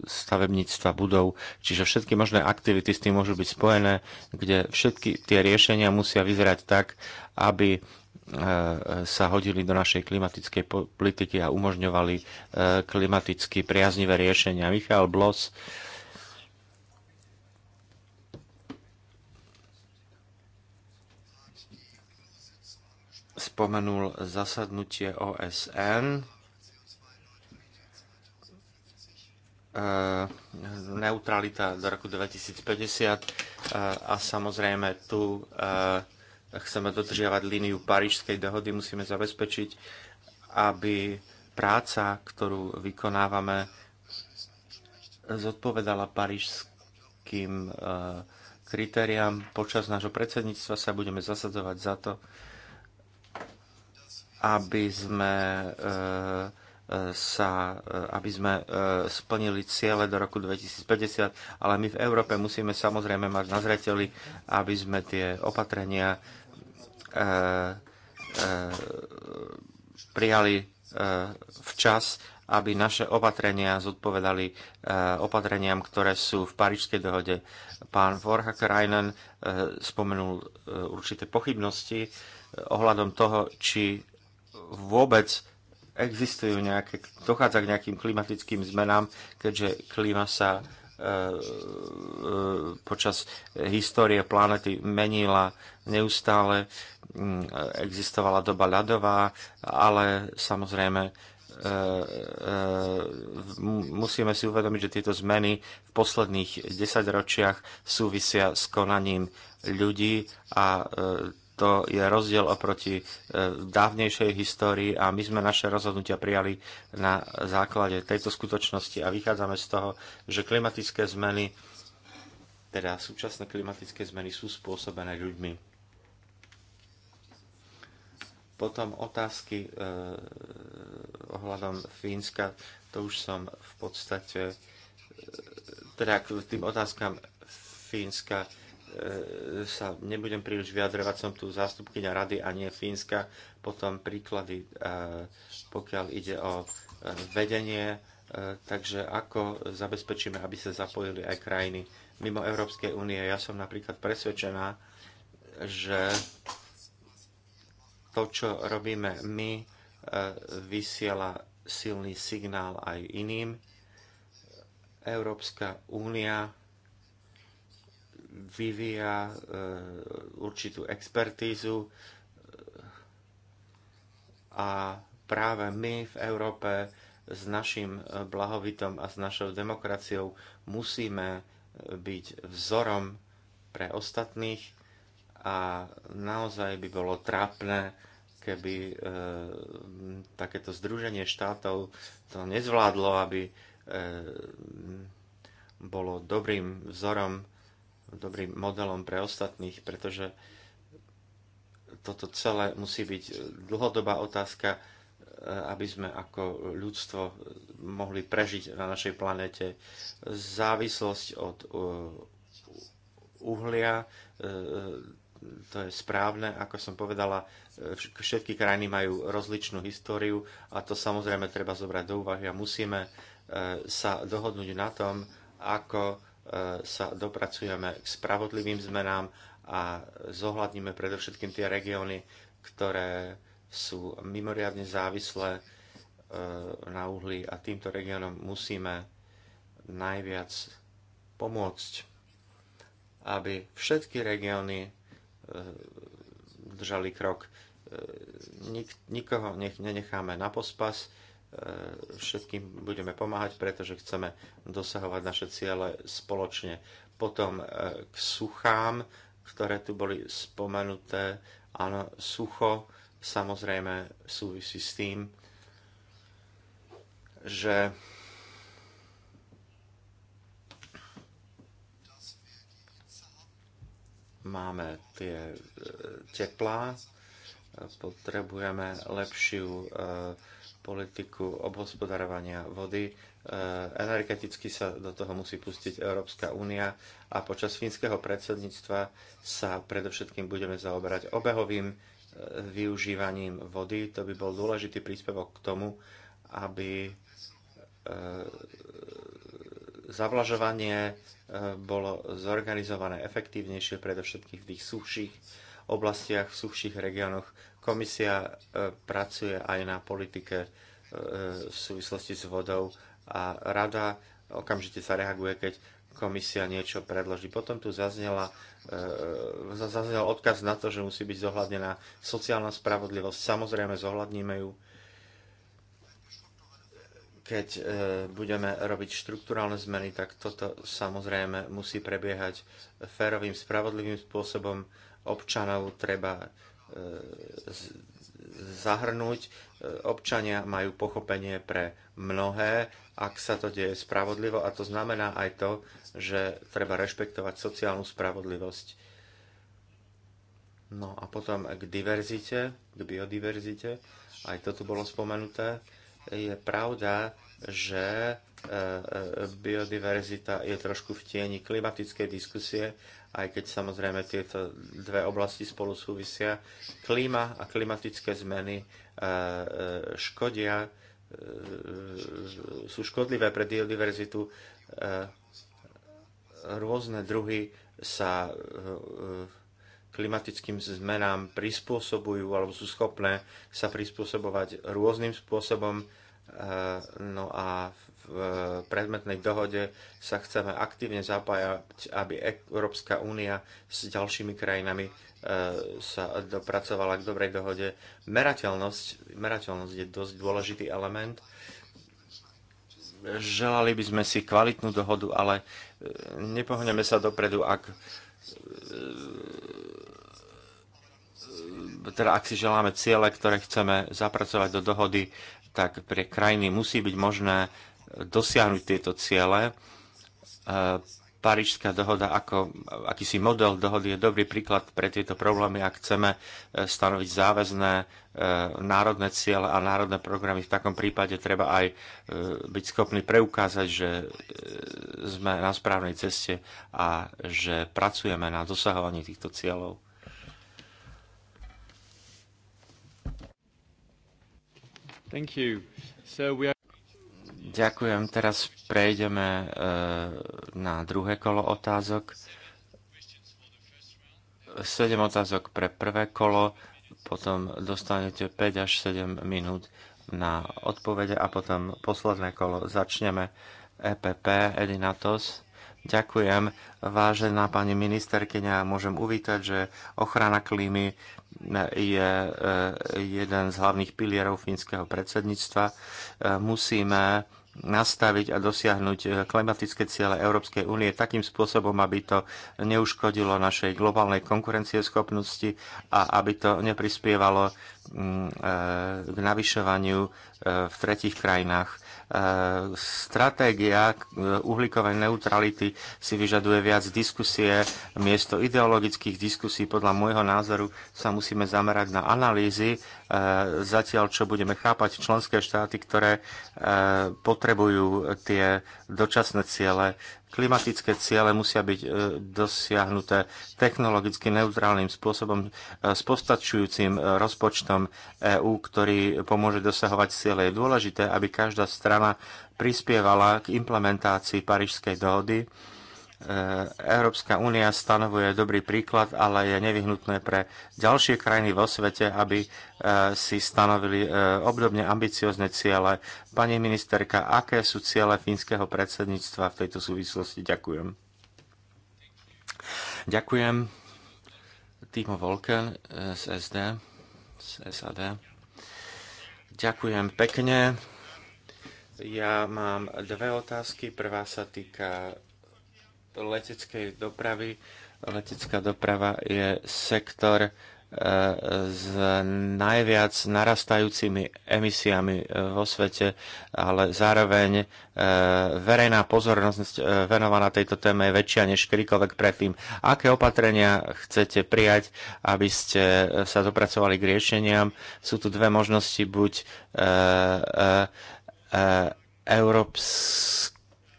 stavebníctva budov. Čiže všetky možné aktivity s tým môžu byť spojené, kde všetky tie riešenia musia vyzerať tak, aby Eh, sa hodili do našej klimatickej politiky a umožňovali eh, klimaticky priaznivé riešenia. Michal Blos spomenul zasadnutie OSN, eh, neutralita do roku 2050 a samozrejme tu chceme dodržiavať líniu Parížskej dohody, musíme zabezpečiť, aby práca, ktorú vykonávame, zodpovedala parížským e, kritériám. Počas nášho predsedníctva sa budeme zasadzovať za to, aby sme e, e, sa, aby sme splnili ciele do roku 2050, ale my v Európe musíme samozrejme mať na zreteli, aby sme tie opatrenia E, e, prijali e, včas, aby naše opatrenia zodpovedali opatreniam, ktoré sú v Parížskej dohode. Pán e, spomenul určité pochybnosti ohľadom toho, či vôbec existujú nejaké, dochádza k nejakým klimatickým zmenám, keďže klíma sa E, e, počas histórie planety menila neustále. Mm, existovala doba ľadová, ale samozrejme e, musíme si uvedomiť, že tieto zmeny v posledných desaťročiach súvisia s konaním ľudí a to je rozdiel oproti e, dávnejšej histórii a my sme naše rozhodnutia prijali na základe tejto skutočnosti a vychádzame z toho, že klimatické zmeny, teda súčasné klimatické zmeny sú spôsobené ľuďmi. Potom otázky eh, ohľadom Fínska, to už som v podstate, e, teda k tým otázkam Fínska, eh, E, sa nebudem príliš vyjadrovať, som tu zástupkynia rady a nie Fínska. Potom príklady, e, pokiaľ ide o e, vedenie, takže ako zabezpečíme, aby sa zapojili aj krajiny mimo Európskej únie. Ja som napríklad presvedčená, že to, čo robíme my, vysiela silný signál aj iným. Európska únia vyvíja e, určitú expertízu e, a práve my v Európe s našim blahovitom a s našou demokraciou musíme e, byť vzorom pre ostatných a naozaj by bolo trápne, keby e, takéto združenie štátov to nezvládlo, aby e, bolo dobrým vzorom dobrým modelom pre ostatných, pretože toto celé musí byť dlhodobá otázka, e, aby sme ako ľudstvo mohli prežiť na našej planete. Závislosť od e, uhlia, e, to je správne, ako som povedala, všetky krajiny majú rozličnú históriu a to samozrejme treba zobrať do úvahy a musíme sa dohodnúť na tom, ako E, sa dopracujeme k spravodlivým zmenám a zohľadníme predovšetkým tie regióny, ktoré sú mimoriadne závislé e, na uhli a týmto regiónom musíme najviac pomôcť, aby všetky regióny e, držali krok. Nik, nikoho nech nenecháme na pospas E, všetkým budeme pomáhať, pretože chceme dosahovať naše ciele spoločne. Potom e, k suchám, ktoré tu boli spomenuté. Áno, sucho samozrejme súvisí s tým, že máme tie e, teplá, potrebujeme lepšiu politiku obhospodarovania vody. E, energeticky sa do toho musí pustiť Európska únia a počas fínskeho predsedníctva sa predovšetkým budeme zaoberať obehovým e, využívaním vody. To by bol dôležitý príspevok k tomu, aby e, zavlažovanie bolo zorganizované efektívnejšie, predovšetkým v tých suchších oblastiach, v suchších regiónoch Komisia e, pracuje aj na politike e, v súvislosti s vodou a rada okamžite sa reaguje, keď komisia niečo predloží. Potom tu zaznela, e, zaznel odkaz na to, že musí byť zohľadnená sociálna spravodlivosť. Samozrejme, zohľadníme ju, keď budeme robiť štruktúrálne zmeny, tak toto samozrejme musí prebiehať férovým, spravodlivým spôsobom občanov. Treba zahrnúť. E, občania majú pochopenie pre mnohé, ak sa to deje spravodlivo a to znamená aj to, že treba rešpektovať sociálnu spravodlivosť. No a potom k diverzite, k biodiverzite, aj to tu bolo spomenuté, je pravda, že e, e, biodiverzita je trošku v tieni klimatickej diskusie, aj keď samozrejme tieto dve oblasti spolu súvisia. Klíma a klimatické zmeny e, škodia, sú škodlivé pre biodiverzitu. Rôzne druhy sa klimatickým zmenám prispôsobujú alebo sú schopné sa prispôsobovať rôznym spôsobom Eh, no a v eh, predmetnej dohode sa chceme aktívne zapájať, aby e- Európska únia s ďalšími krajinami eh, sa dopracovala k dobrej dohode. Merateľnosť, merateľnosť je dosť dôležitý element. Želali by sme si kvalitnú dohodu, ale nepohneme sa dopredu, ak teda ak si želáme ciele, ktoré chceme zapracovať do dohody, tak pre krajiny musí byť možné dosiahnuť tieto ciele. E, Parížská dohoda ako akýsi model dohody je dobrý príklad pre tieto problémy, ak chceme e, stanoviť záväzné e, národné ciele a národné programy. V takom prípade treba aj byť schopný preukázať, že sme na správnej ceste a že pracujeme na dosahovaní týchto cieľov. Ďakujem. Teraz prejdeme e, na druhé kolo otázok. Sedem otázok pre prvé kolo, potom dostanete 5 až 7 minút na odpovede a potom posledné kolo začneme EPP Edinatos. Ďakujem, vážená pani ministerkyňa. Môžem uvítať, že ochrana klímy e, je e, jeden z hlavných pilierov fínskeho predsedníctva. E, musíme nastaviť a dosiahnuť klimatické ciele Európskej únie takým spôsobom, aby to neuškodilo našej globálnej konkurencieschopnosti a aby to neprispievalo mm, k navyšovaniu v tretich krajinách stratégia e, uhlíkovej neutrality si vyžaduje viac diskusie. Miesto ideologických diskusí podľa môjho názoru sa musíme zamerať na analýzy, e, zatiaľ čo budeme chápať členské štáty, ktoré e, potrebujú tie dočasné ciele Klimatické ciele musia byť e, dosiahnuté technologicky neutrálnym spôsobom e, s postačujúcim e, rozpočtom EÚ, ktorý pomôže dosahovať ciele. Je dôležité, aby každá strana prispievala k implementácii Parížskej dohody Eh, Európska únia stanovuje dobrý príklad, ale je nevyhnutné pre ďalšie krajiny vo svete, aby eh, si stanovili eh, obdobne ambiciozne ciele. Pani ministerka, aké sú ciele fínskeho predsedníctva v tejto súvislosti? Ďakujem. Ďakujem. Timo Volken z SD, z SAD. Ďakujem pekne. Ja mám dve otázky. Prvá sa týka leteckej dopravy. Letecká doprava je sektor e, s najviac narastajúcimi emisiami e, vo svete, ale zároveň e, verejná pozornosť venovaná tejto téme je väčšia než kedykoľvek predtým. Aké opatrenia chcete prijať, aby ste sa dopracovali k riešeniam? Sú tu dve možnosti, buď európske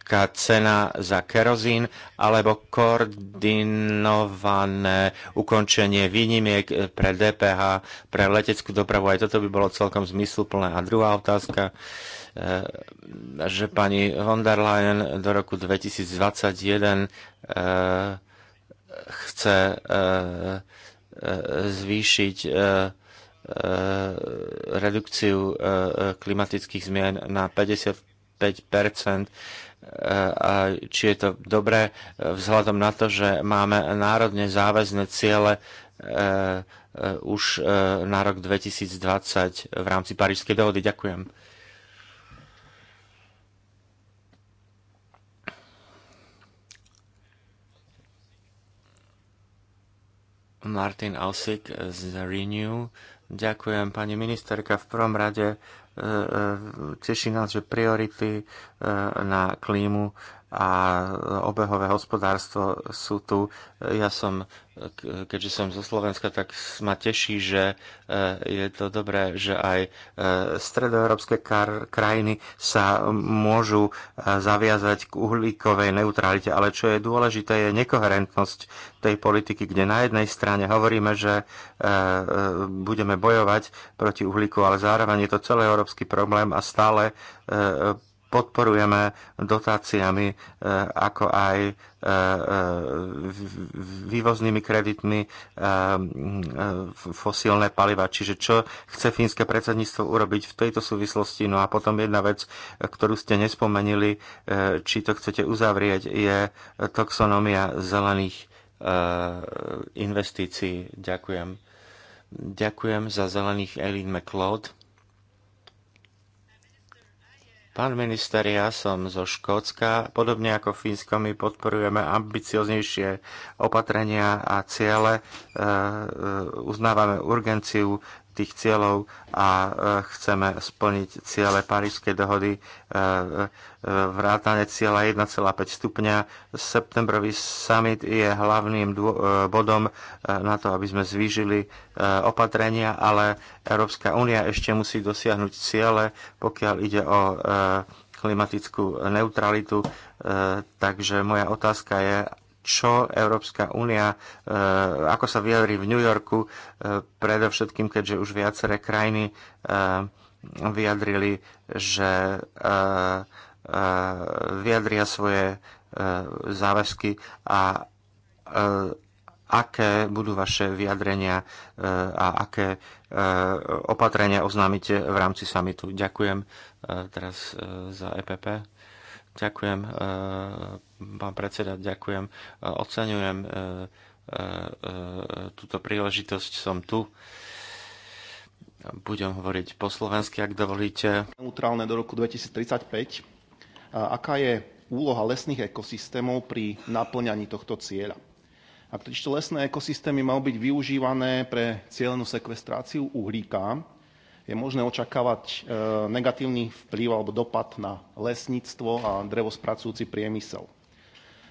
nízka cena za kerozín alebo koordinované ukončenie výnimiek pre DPH, pre leteckú dopravu. Aj toto by bolo celkom zmysluplné. A druhá otázka, e, že pani von der Leyen do roku 2021 e, chce e, zvýšiť redukciu klimatických zmien na 55 a či je to dobré e, vzhľadom na to, že máme národne záväzne ciele e, e, už na rok 2020 v rámci Parížskej dohody. Ďakujem. Martin Alsik z Renew. Ďakujem, pani ministerka. V prvom rade E, e, teší nás, že priority e, na klímu a obehové hospodárstvo sú tu. Ja som, keďže som zo Slovenska, tak ma teší, že e, je to dobré, že aj e, stredoeurópske krajiny sa môžu e, zaviazať k uhlíkovej neutralite, ale čo je dôležité, je nekoherentnosť tej politiky, kde na jednej strane hovoríme, že budeme bojovať proti uhlíku, ale zároveň je to celoeurópsky problém a stále podporujeme dotáciami, e, ako aj e, e, vývoznými kreditmi fosílne paliva. Čiže čo chce fínske predsedníctvo urobiť v tejto súvislosti? No a potom jedna vec, ktorú ste nespomenili, či to chcete uzavrieť, je toxonomia zelených investícií. Ďakujem. Ďakujem za zelených Eileen McLeod. Pán minister, ja som zo Škótska. Podobne ako Fínsko, my podporujeme ambicioznejšie opatrenia a ciele. E, e, uznávame urgenciu tých cieľov a e, chceme splniť ciele Parískej dohody e, e, vrátane cieľa 1,5 stupňa. Septembrový summit je hlavným bodom na to, aby sme zvýžili opatrenia, ale Európska únia ešte musí dosiahnuť ciele, pokiaľ ide o klimatickú neutralitu. Takže moja otázka je, čo Európska únia, e, ako sa vyjadri v New Yorku, e, predovšetkým, keďže už viaceré krajiny e, vyjadrili, že vyjadria svoje záväzky a aké budú vaše vyjadrenia a aké opatrenia oznámite v rámci samitu. Ďakujem teraz za EPP. Ďakujem pán predseda, ďakujem. Oceňujem e, e, e, túto príležitosť, som tu. Budem hovoriť po slovensky, ak dovolíte. Neutrálne do roku 2035. Aká je úloha lesných ekosystémov pri naplňaní tohto cieľa? Ak totižto lesné ekosystémy majú byť využívané pre cieľenú sekvestráciu uhlíka, je možné očakávať negatívny vplyv alebo dopad na lesníctvo a drevospracujúci priemysel.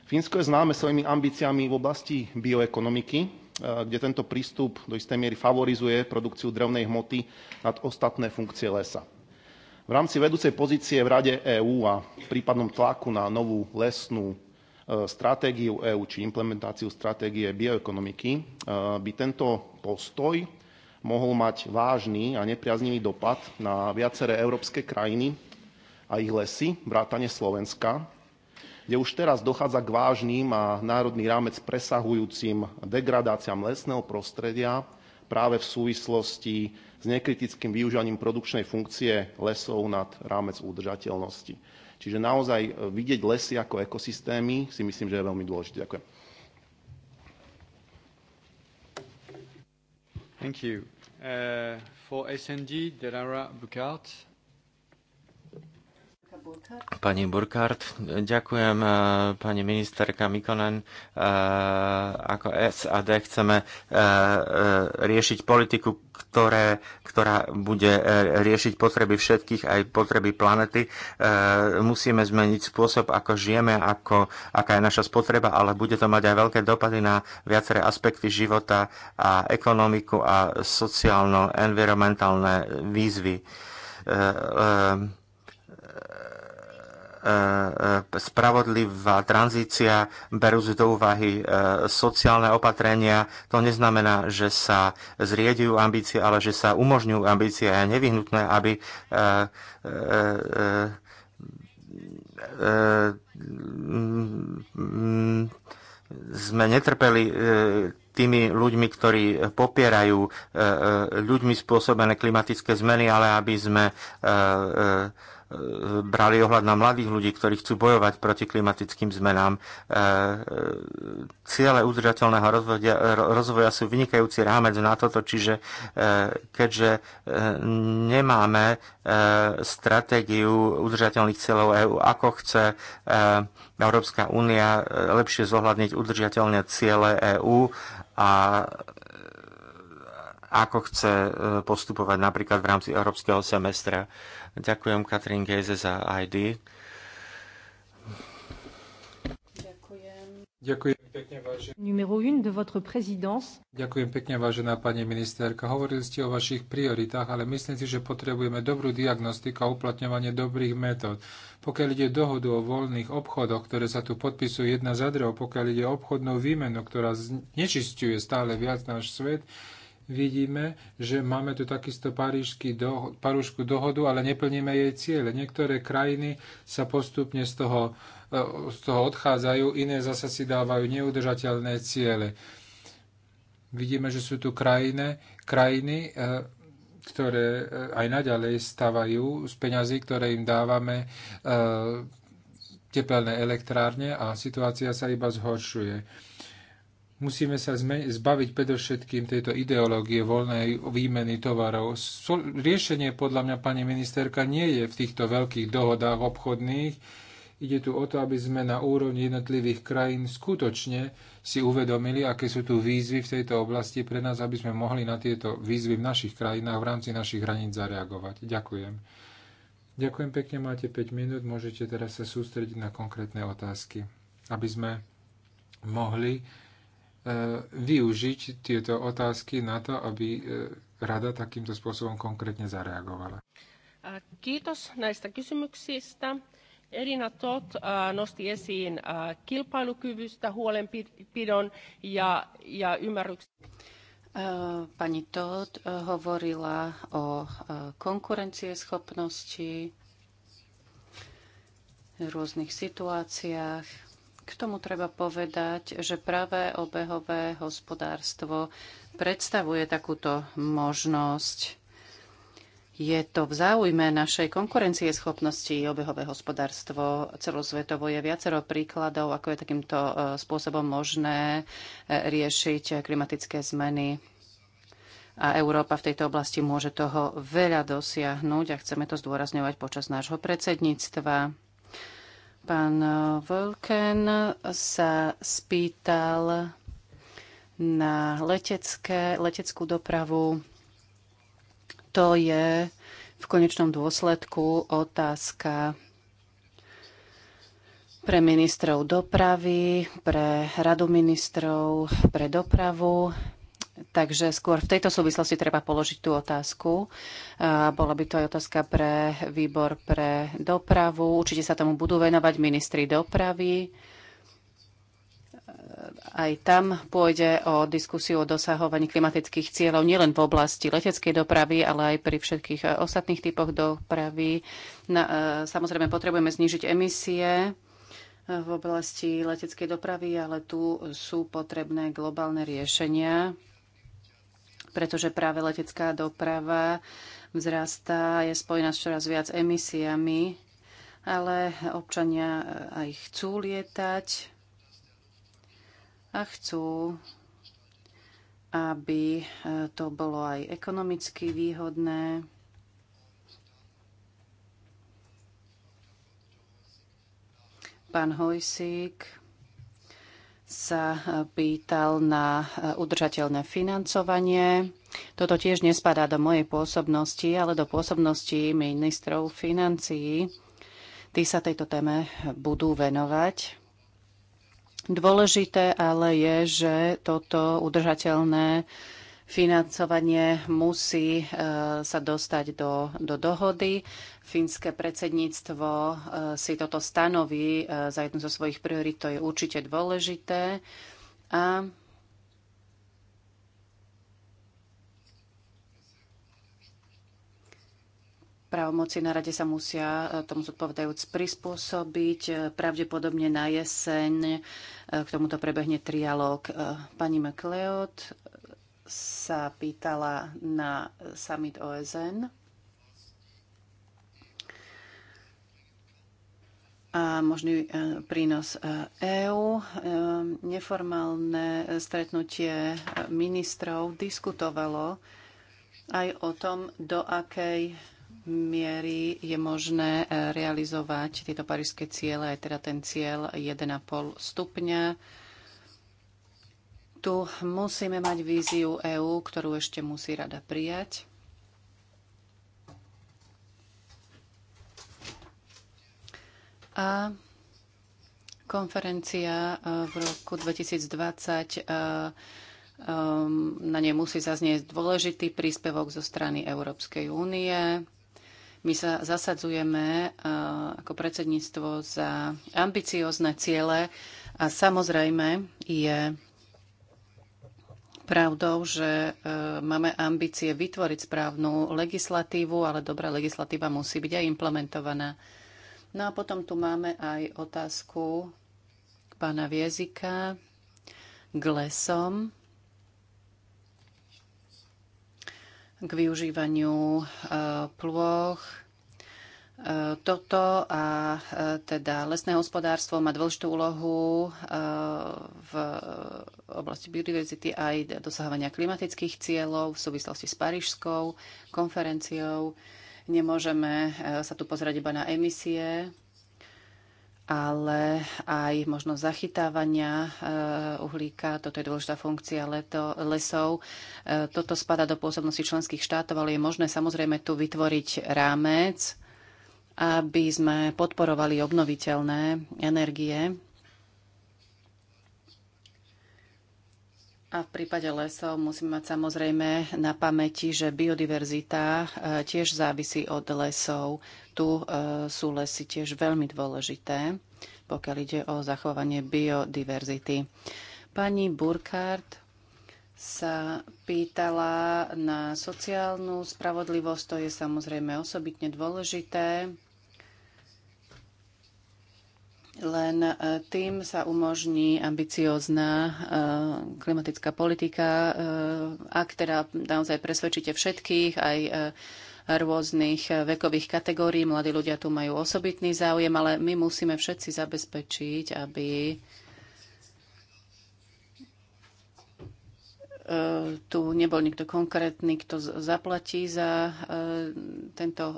Fínsko je známe svojimi ambíciami v oblasti bioekonomiky, eh, kde tento prístup do istej miery favorizuje produkciu drevnej hmoty nad ostatné funkcie lesa. V rámci vedúcej pozície v Rade EÚ a prípadnom tlaku na novú lesnú eh, stratégiu EÚ či implementáciu stratégie bioekonomiky eh, by tento postoj mohol mať vážny a nepriaznivý dopad na viaceré európske krajiny a ich lesy, vrátane Slovenska, kde už teraz dochádza k vážnym a národný rámec presahujúcim degradáciám lesného prostredia práve v súvislosti s nekritickým využívaním produkčnej funkcie lesov nad rámec udržateľnosti. Čiže naozaj e, vidieť lesy ako ekosystémy si myslím, že je veľmi dôležité. Ďakujem. Thank you. Uh, for SND, Delara Bucart. Pani Burkhardt, ďakujem e, pani ministerka Mikonen. E, ako SAD chceme e, riešiť politiku, ktoré, ktorá bude riešiť potreby všetkých, aj potreby planety. Musíme zmeniť spôsob, ako žijeme, ako, aká je naša spotreba, ale bude to mať aj veľké dopady na viaceré aspekty života a ekonomiku a sociálno-environmentálne výzvy E, e, spravodlivá tranzícia, berú do úvahy e, sociálne opatrenia. To neznamená, že sa zriedujú ambície, ale že sa umožňujú ambície a je nevyhnutné, aby sme netrpeli tými ľuďmi, ktorí popierajú ľuďmi spôsobené klimatické zmeny, ale aby sme brali ohľad na mladých ľudí, ktorí chcú bojovať proti klimatickým zmenám. E, e, ciele udržateľného rozvoja, rozvoja sú vynikajúci rámec na toto, čiže e, keďže nemáme stratégiu udržateľných cieľov EÚ, ako chce Európska únia lepšie zohľadniť udržateľné ciele EÚ a ako chce postupovať napríklad v rámci európskeho semestra. Ďakujem Katrin Gejze za ID. Ďakujem Ďakujem pekne, vážená pani ministerka. Hovorili ste o vašich prioritách, ale myslím si, že potrebujeme dobrú diagnostiku a uplatňovanie dobrých metód. Pokiaľ ide dohodu o voľných obchodoch, ktoré sa tu podpisujú jedna za druhou, pokiaľ ide o obchodnú výmenu, ktorá znečistuje stále viac náš svet, vidíme, že máme tu takisto parížský dohodu, ale neplníme jej ciele. Niektoré krajiny sa postupne z toho, e, z toho odchádzajú, iné zase si dávajú neudržateľné ciele. Vidíme, že sú tu krajine, krajiny, e, ktoré e, aj naďalej stavajú z peňazí, ktoré im dávame teplné elektrárne a situácia sa iba zhoršuje. Musíme sa zbaviť predovšetkým tejto ideológie voľnej výmeny tovarov. Riešenie podľa mňa, pani ministerka, nie je v týchto veľkých dohodách obchodných. Ide tu o to, aby sme na úrovni jednotlivých krajín skutočne si uvedomili, aké sú tu výzvy v tejto oblasti pre nás, aby sme mohli na tieto výzvy v našich krajinách v rámci našich hraníc zareagovať. Ďakujem. Ďakujem pekne, máte 5 minút, môžete teraz sa sústrediť na konkrétne otázky, aby sme mohli E, využiť tieto otázky na to, aby e, rada takýmto spôsobom konkrétne zareagovala. Kiitos näistä kysymyksistä. Erina Tot e, nosti esiin kilpailukyvystä huolenpidon ja, ja ymmärryksen. Pani Tot hovorila o konkurencieschopnosti v rôznych situáciách. K tomu treba povedať, že práve obehové hospodárstvo predstavuje takúto možnosť. Je to v záujme našej konkurencieschopnosti obehové hospodárstvo. Celosvetovo je viacero príkladov, ako je takýmto e, spôsobom možné e, riešiť klimatické zmeny. A Európa v tejto oblasti môže toho veľa dosiahnuť a chceme to zdôrazňovať počas nášho predsedníctva. Pán eh, Volken sa spýtal na letecké, leteckú dopravu. To je v konečnom dôsledku otázka pre ministrov dopravy, pre radu ministrov pre dopravu Takže skôr v tejto súvislosti treba položiť tú otázku. Bola by to aj otázka pre výbor pre dopravu. Určite sa tomu budú venovať ministri dopravy. Aj tam pôjde o diskusiu o dosahovaní klimatických cieľov nielen v oblasti leteckej dopravy, ale aj pri všetkých e, ostatných typoch dopravy. Na, e, samozrejme, potrebujeme znížiť emisie e, v oblasti leteckej dopravy, ale tu sú potrebné globálne riešenia pretože práve letecká doprava vzrastá, je spojená s čoraz viac emisiami, ale občania eh, aj chcú lietať a chcú, aby eh, to bolo aj ekonomicky výhodné. Pán Hojsík sa e, pýtal na e, udržateľné financovanie. Toto tiež nespadá do mojej pôsobnosti, ale do pôsobnosti ministrov financií. Tí sa tejto téme budú venovať. Dôležité ale je, že toto udržateľné Financovanie musí e, sa dostať do, do dohody. Fínske predsedníctvo e, si toto stanoví e, za jednu zo svojich priorit, to je určite dôležité. A právomoci na rade sa musia tomu zodpovedajúc prispôsobiť. Pravdepodobne na jeseň k tomuto prebehne trialóg. Pani McLeod, sa pýtala na summit OSN. a možný e, prínos EÚ. E e, neformálne stretnutie ministrov diskutovalo aj o tom, do akej miery je možné realizovať tieto parížské ciele, aj teda ten cieľ 1,5 stupňa tu musíme mať víziu EÚ, ktorú ešte musí rada prijať. A konferencia e, v roku 2020 e, e, na nej musí zaznieť dôležitý príspevok zo strany Európskej únie. My sa zasadzujeme ako predsedníctvo za ambiciozne ciele a samozrejme je pravdou, že e, máme ambície vytvoriť správnu legislatívu, ale dobrá legislatíva musí byť aj implementovaná. No a potom tu máme aj otázku pána Viezika k lesom, k využívaniu e, plôch, toto a e, teda lesné hospodárstvo má dôležitú úlohu e, v oblasti biodiverzity aj dosahovania klimatických cieľov v súvislosti s Parížskou konferenciou. Nemôžeme e, sa tu pozrieť iba na emisie, ale aj možnosť zachytávania uhlíka. Toto je dôležitá funkcia leto, lesov. Toto spada do pôsobnosti členských štátov, ale je možné samozrejme tu vytvoriť rámec, aby sme podporovali obnoviteľné energie. A v prípade lesov musíme mať samozrejme na pamäti, že biodiverzita e, tiež závisí od lesov. Tu e, sú lesy tiež veľmi dôležité, pokiaľ ide o zachovanie biodiverzity. Pani Burkhardt sa pýtala na sociálnu spravodlivosť, to je samozrejme osobitne dôležité. Len e, tým sa umožní ambiciózna e, klimatická politika, e, ak teda naozaj presvedčíte všetkých, aj rôznych vekových kategórií. Mladí ľudia tu majú osobitný záujem, ale my musíme všetci zabezpečiť, aby tu nebol nikto konkrétny, kto zaplatí za tento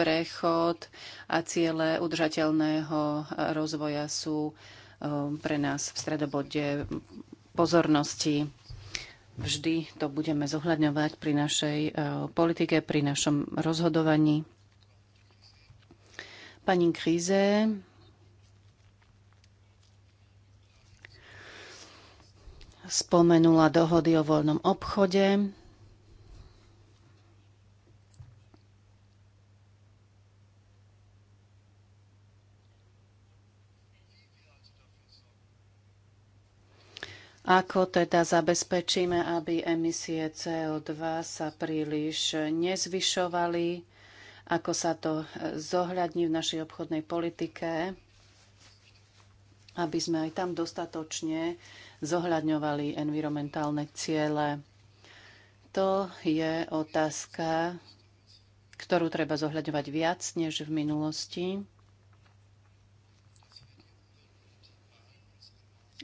prechod a ciele udržateľného e, rozvoja sú e, pre nás v stredobode pozornosti. Vždy to budeme zohľadňovať pri našej e, politike, pri našom rozhodovaní. Pani Kríze, spomenula dohody o voľnom obchode. Ako teda zabezpečíme, aby emisie CO2 sa príliš nezvyšovali? Ako sa to e, zohľadní v našej obchodnej politike? Aby sme aj tam dostatočne zohľadňovali environmentálne ciele. To je otázka, ktorú treba zohľadňovať viac než v minulosti.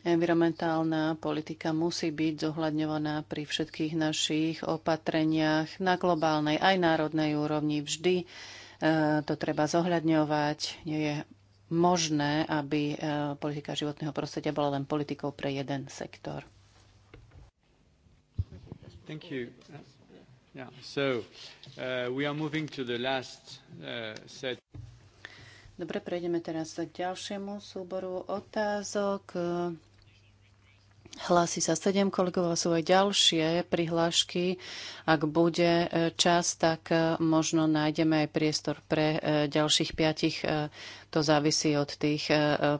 Environmentálna politika musí byť zohľadňovaná pri všetkých našich opatreniach na globálnej aj národnej úrovni. Vždy e, to treba zohľadňovať. Nie je možné, aby e, politika životného prostredia bola len politikou pre jeden sektor. Thank you. Yeah, so uh, we are moving to the last uh, set. Dobre, prejdeme teraz k ďalšiemu súboru otázok. Hlási sa sedem kolegov, sú aj ďalšie prihlášky. Ak bude e, čas, tak e, možno nájdeme aj priestor pre e, ďalších piatich. To závisí od tých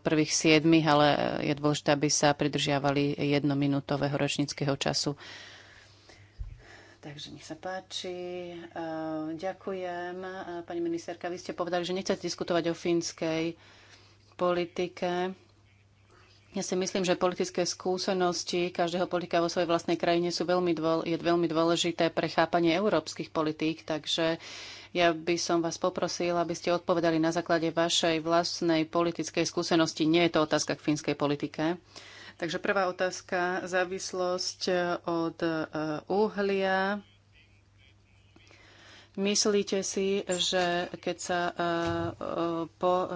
prvých siedmich, ale je dôležité, aby sa pridržiavali jednominútového ročníckého času. Takže nech sa páči. Ďakujem. Pani ministerka, vy ste povedali, že nechcete diskutovať o fínskej politike ja si myslím, že politické skúsenosti každého politika vo svojej vlastnej krajine sú veľmi dôl, je veľmi dôležité pre chápanie európskych politík, takže ja by som vás poprosil, aby ste odpovedali na základe vašej vlastnej politickej skúsenosti. Nie je to otázka k fínskej politike. Takže prvá otázka, závislosť od eh, uhlia. Myslíte si, že keď sa e, e,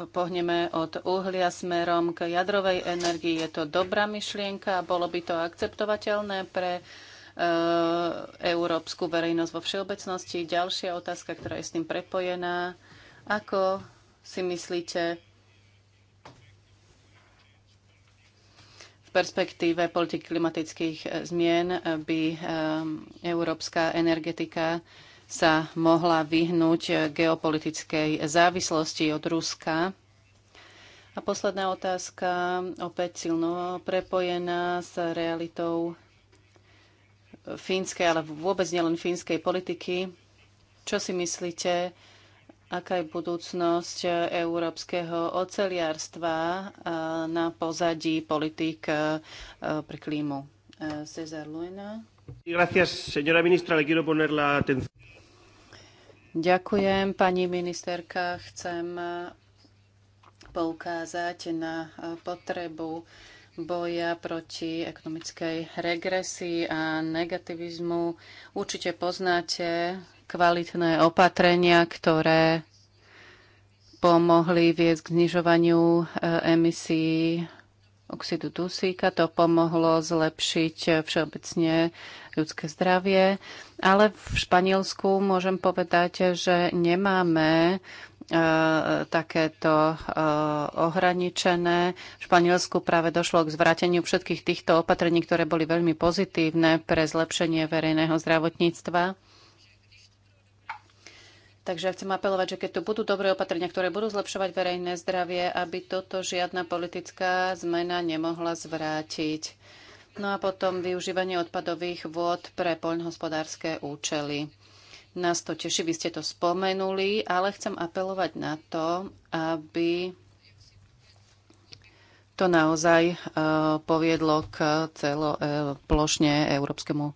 pohneme od uhlia smerom k jadrovej energii, je to dobrá myšlienka a bolo by to akceptovateľné pre e, európsku verejnosť vo všeobecnosti? Ďalšia otázka, ktorá je s tým prepojená. Ako si myslíte, v perspektíve politik klimatických zmien by európska energetika sa mohla vyhnúť geopolitickej závislosti od Ruska. A posledná otázka, opäť silno prepojená s realitou fínskej, ale vôbec nielen fínskej politiky. Čo si myslíte, aká je budúcnosť európskeho oceliarstva na pozadí politik eh, pre klímu? Eh, César Luena. Gracias, señora ministra. Le quiero poner la atención. Ďakujem, pani ministerka. Chcem poukázať na potrebu boja proti ekonomickej regresii a negativizmu. Určite poznáte kvalitné opatrenia, ktoré pomohli viesť k znižovaniu emisí oxidu dusíka. To pomohlo zlepšiť všeobecne ľudské zdravie. Ale v Španielsku môžem povedať, že nemáme e, takéto e, ohraničené. V Španielsku práve došlo k zvráteniu všetkých týchto opatrení, ktoré boli veľmi pozitívne pre zlepšenie verejného zdravotníctva. Takže ja chcem apelovať, že keď tu budú dobré opatrenia, ktoré budú zlepšovať verejné zdravie, aby toto žiadna politická zmena nemohla zvrátiť. No a potom využívanie odpadových vôd pre poľnohospodárske účely. Nás to teší, vy ste to spomenuli, ale chcem apelovať na to, aby to naozaj eh, poviedlo k celoplošne eh, európskemu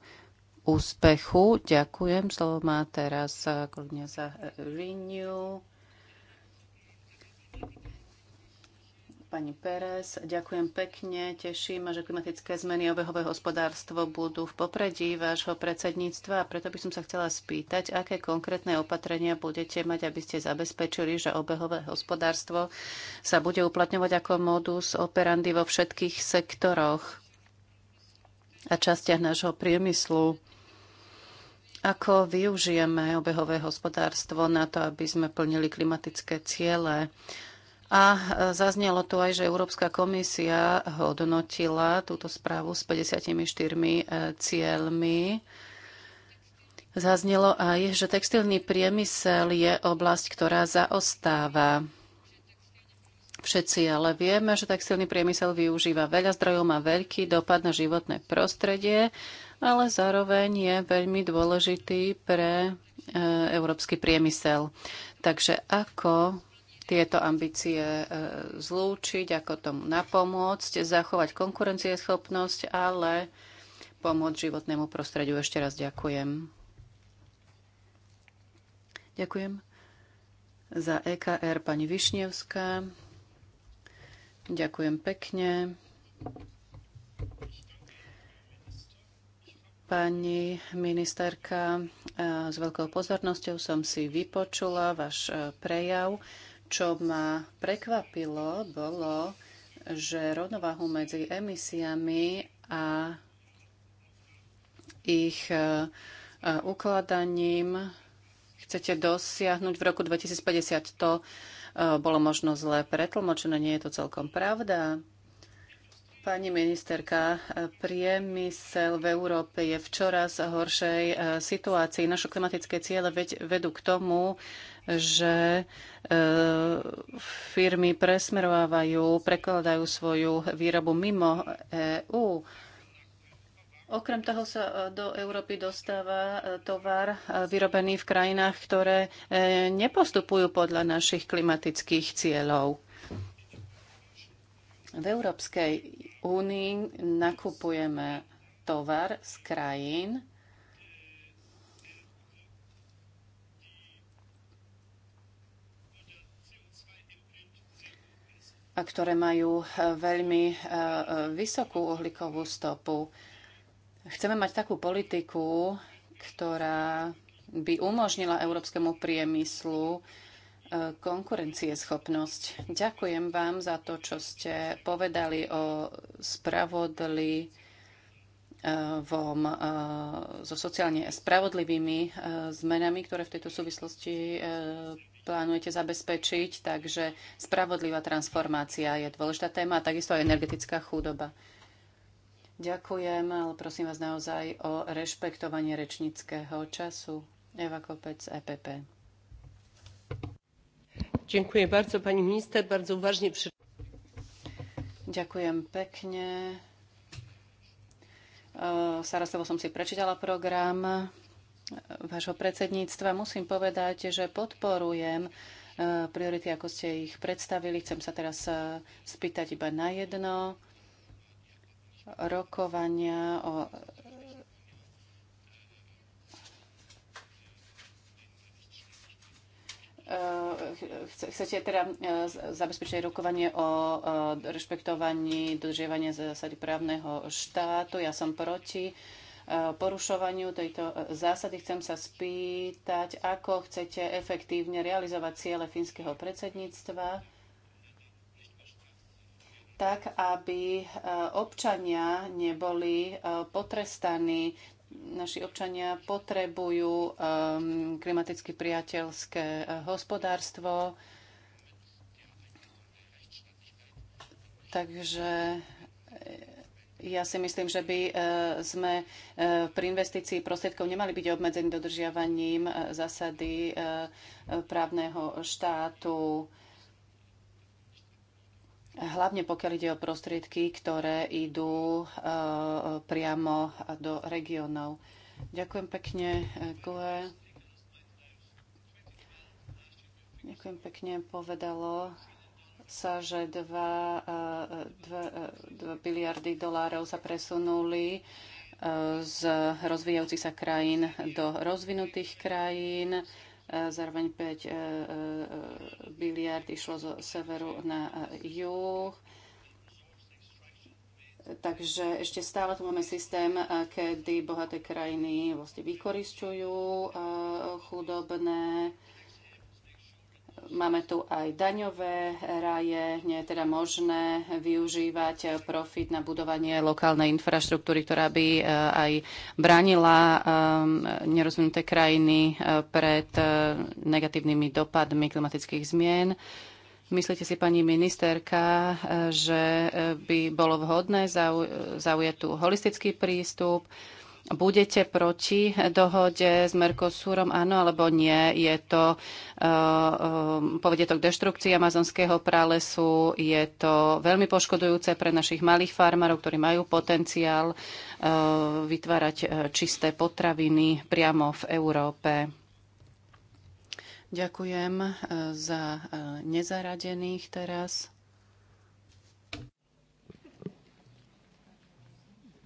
úspechu. Ďakujem. Slovo má teraz eh, kolegyňa za eh, Renew. Pani Pérez, ďakujem pekne. Teším ma, že klimatické zmeny a obehové hospodárstvo budú v popredí vášho predsedníctva a preto by som sa chcela spýtať, aké konkrétne opatrenia budete mať, aby ste zabezpečili, že obehové hospodárstvo sa bude uplatňovať ako modus operandi vo všetkých sektoroch a častiach nášho priemyslu ako využijeme obehové hospodárstvo na to, aby sme plnili klimatické ciele. A e, zaznelo tu aj, že Európska komisia hodnotila túto správu s 54 e, cieľmi. Zaznelo aj, že textilný priemysel je oblasť, ktorá zaostáva všetci, ale vieme, že textilný priemysel využíva veľa zdrojov, má veľký dopad na životné prostredie, ale zároveň je veľmi dôležitý pre e, európsky priemysel. Takže ako tieto ambície e, zlúčiť, ako tomu napomôcť, zachovať konkurencieschopnosť, ale pomôcť životnému prostrediu. Ešte raz ďakujem. Ďakujem. Za EKR pani Višnevská. Ďakujem pekne. Pani ministerka, e, s veľkou pozornosťou som si vypočula váš e, prejav. Čo ma prekvapilo, bolo, že rovnováhu medzi emisiami a ich e, ukladaním chcete dosiahnuť v roku 2050. To Eh, bolo možno zle pretlmočené. Nie je to celkom pravda. Pani ministerka, eh, priemysel v Európe je v čoraz horšej eh, situácii. Naše klimatické ciele vedú k tomu, že firmy presmerovávajú, prekladajú svoju výrobu mimo EÚ. Okrem toho sa e, do Európy dostáva e, tovar e, vyrobený v krajinách, ktoré nepostupujú podľa našich klimatických cieľov. V Európskej únii nakupujeme tovar z krajín, A ktoré majú veľmi vysokú uhlíkovú stopu. Chceme mať takú politiku, ktorá by umožnila európskemu priemyslu e, konkurencieschopnosť. Ďakujem vám za to, čo ste povedali o spravodli e, vom, e, so sociálne spravodlivými zmenami, ktoré v tejto súvislosti plánujete zabezpečiť. Takže spravodlivá transformácia je dôležitá téma a takisto aj energetická chudoba. Ďakujem, ale prosím vás naozaj o rešpektovanie rečníckého času. Eva Kopec, EPP. Ďakujem bardzo, pani minister, bardzo uważnie. Przy... Ďakujem pekne. Sarastovo som si prečítala program vášho predsedníctva. Musím povedať, že podporujem e, priority, ako ste ich predstavili. Chcem sa teraz e, spýtať iba na jedno rokovania o chcete teda e, zabezpečiť rokovanie o e, rešpektovaní dodržiavania zásady právneho štátu. Ja som proti e, porušovaniu tejto zásady. Chcem sa spýtať, ako chcete efektívne realizovať ciele fínskeho predsedníctva tak aby eh, občania neboli eh, potrestaní. Naši občania potrebujú eh, klimaticky priateľské hospodárstvo. Takže ja si myslím, že by sme pri investícii prostriedkov nemali byť obmedzení dodržiavaním zásady právneho štátu Hlavne pokiaľ ide o prostriedky, ktoré idú eh, priamo do regionov. Ďakujem pekne, Gue. Eh, Ďakujem pekne, povedalo sa, že 2 eh, biliardy dolárov sa presunuli z rozvíjajúcich sa krajín do rozvinutých krajín E, zároveň 5 e, e, biliard išlo zo severu na juh. Takže ešte stále tu máme systém, kedy bohaté krajiny vlastne vykoristujú chudobné Máme tu aj daňové raje, nie je teda možné využívať profit na budovanie lokálnej infraštruktúry, ktorá by e, aj bránila e, nerozvinuté krajiny e, pred negatívnymi dopadmi klimatických zmien. Myslíte si, pani ministerka, že by bolo vhodné zaujať tu holistický prístup? budete proti dohode s Mercosurom, áno alebo nie? Je to, eh, eh, povedie to k deštrukcii amazonského pralesu, je to veľmi poškodujúce pre našich malých farmárov, ktorí majú potenciál eh, vytvárať čisté potraviny priamo v Európe. Ďakujem za nezaradených teraz.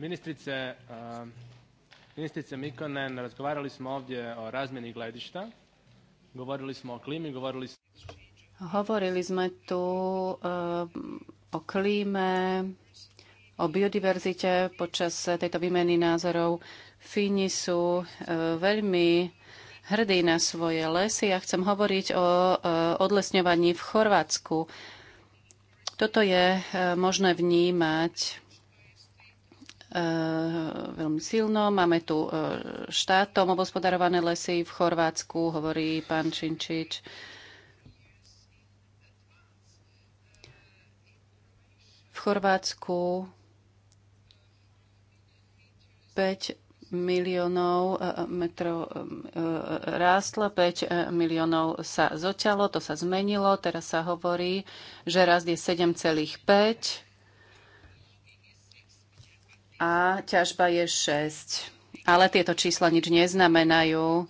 Ministrice, uh ministrice Mikonen, razgovarali smo ovdje o razmjeni gledišta, govorili smo o klimi, govorili smo... Hovorili sme tu uh, o klíme, o biodiverzite počas tejto výmeny názorov. Fíni sú uh, veľmi hrdí na svoje lesy. Ja chcem hovoriť o uh, odlesňovaní v Chorvátsku. Toto je uh, možné vnímať Eh, veľmi silno. Máme tu eh, štátom obospodarované lesy v Chorvátsku, hovorí pán Činčič. V Chorvátsku 5 miliónov eh, metro rástlo, 5 miliónov sa zoťalo, to sa zmenilo, teraz sa hovorí, že rast je 7,5 a ťažba je 6. Ale tieto čísla nič neznamenajú.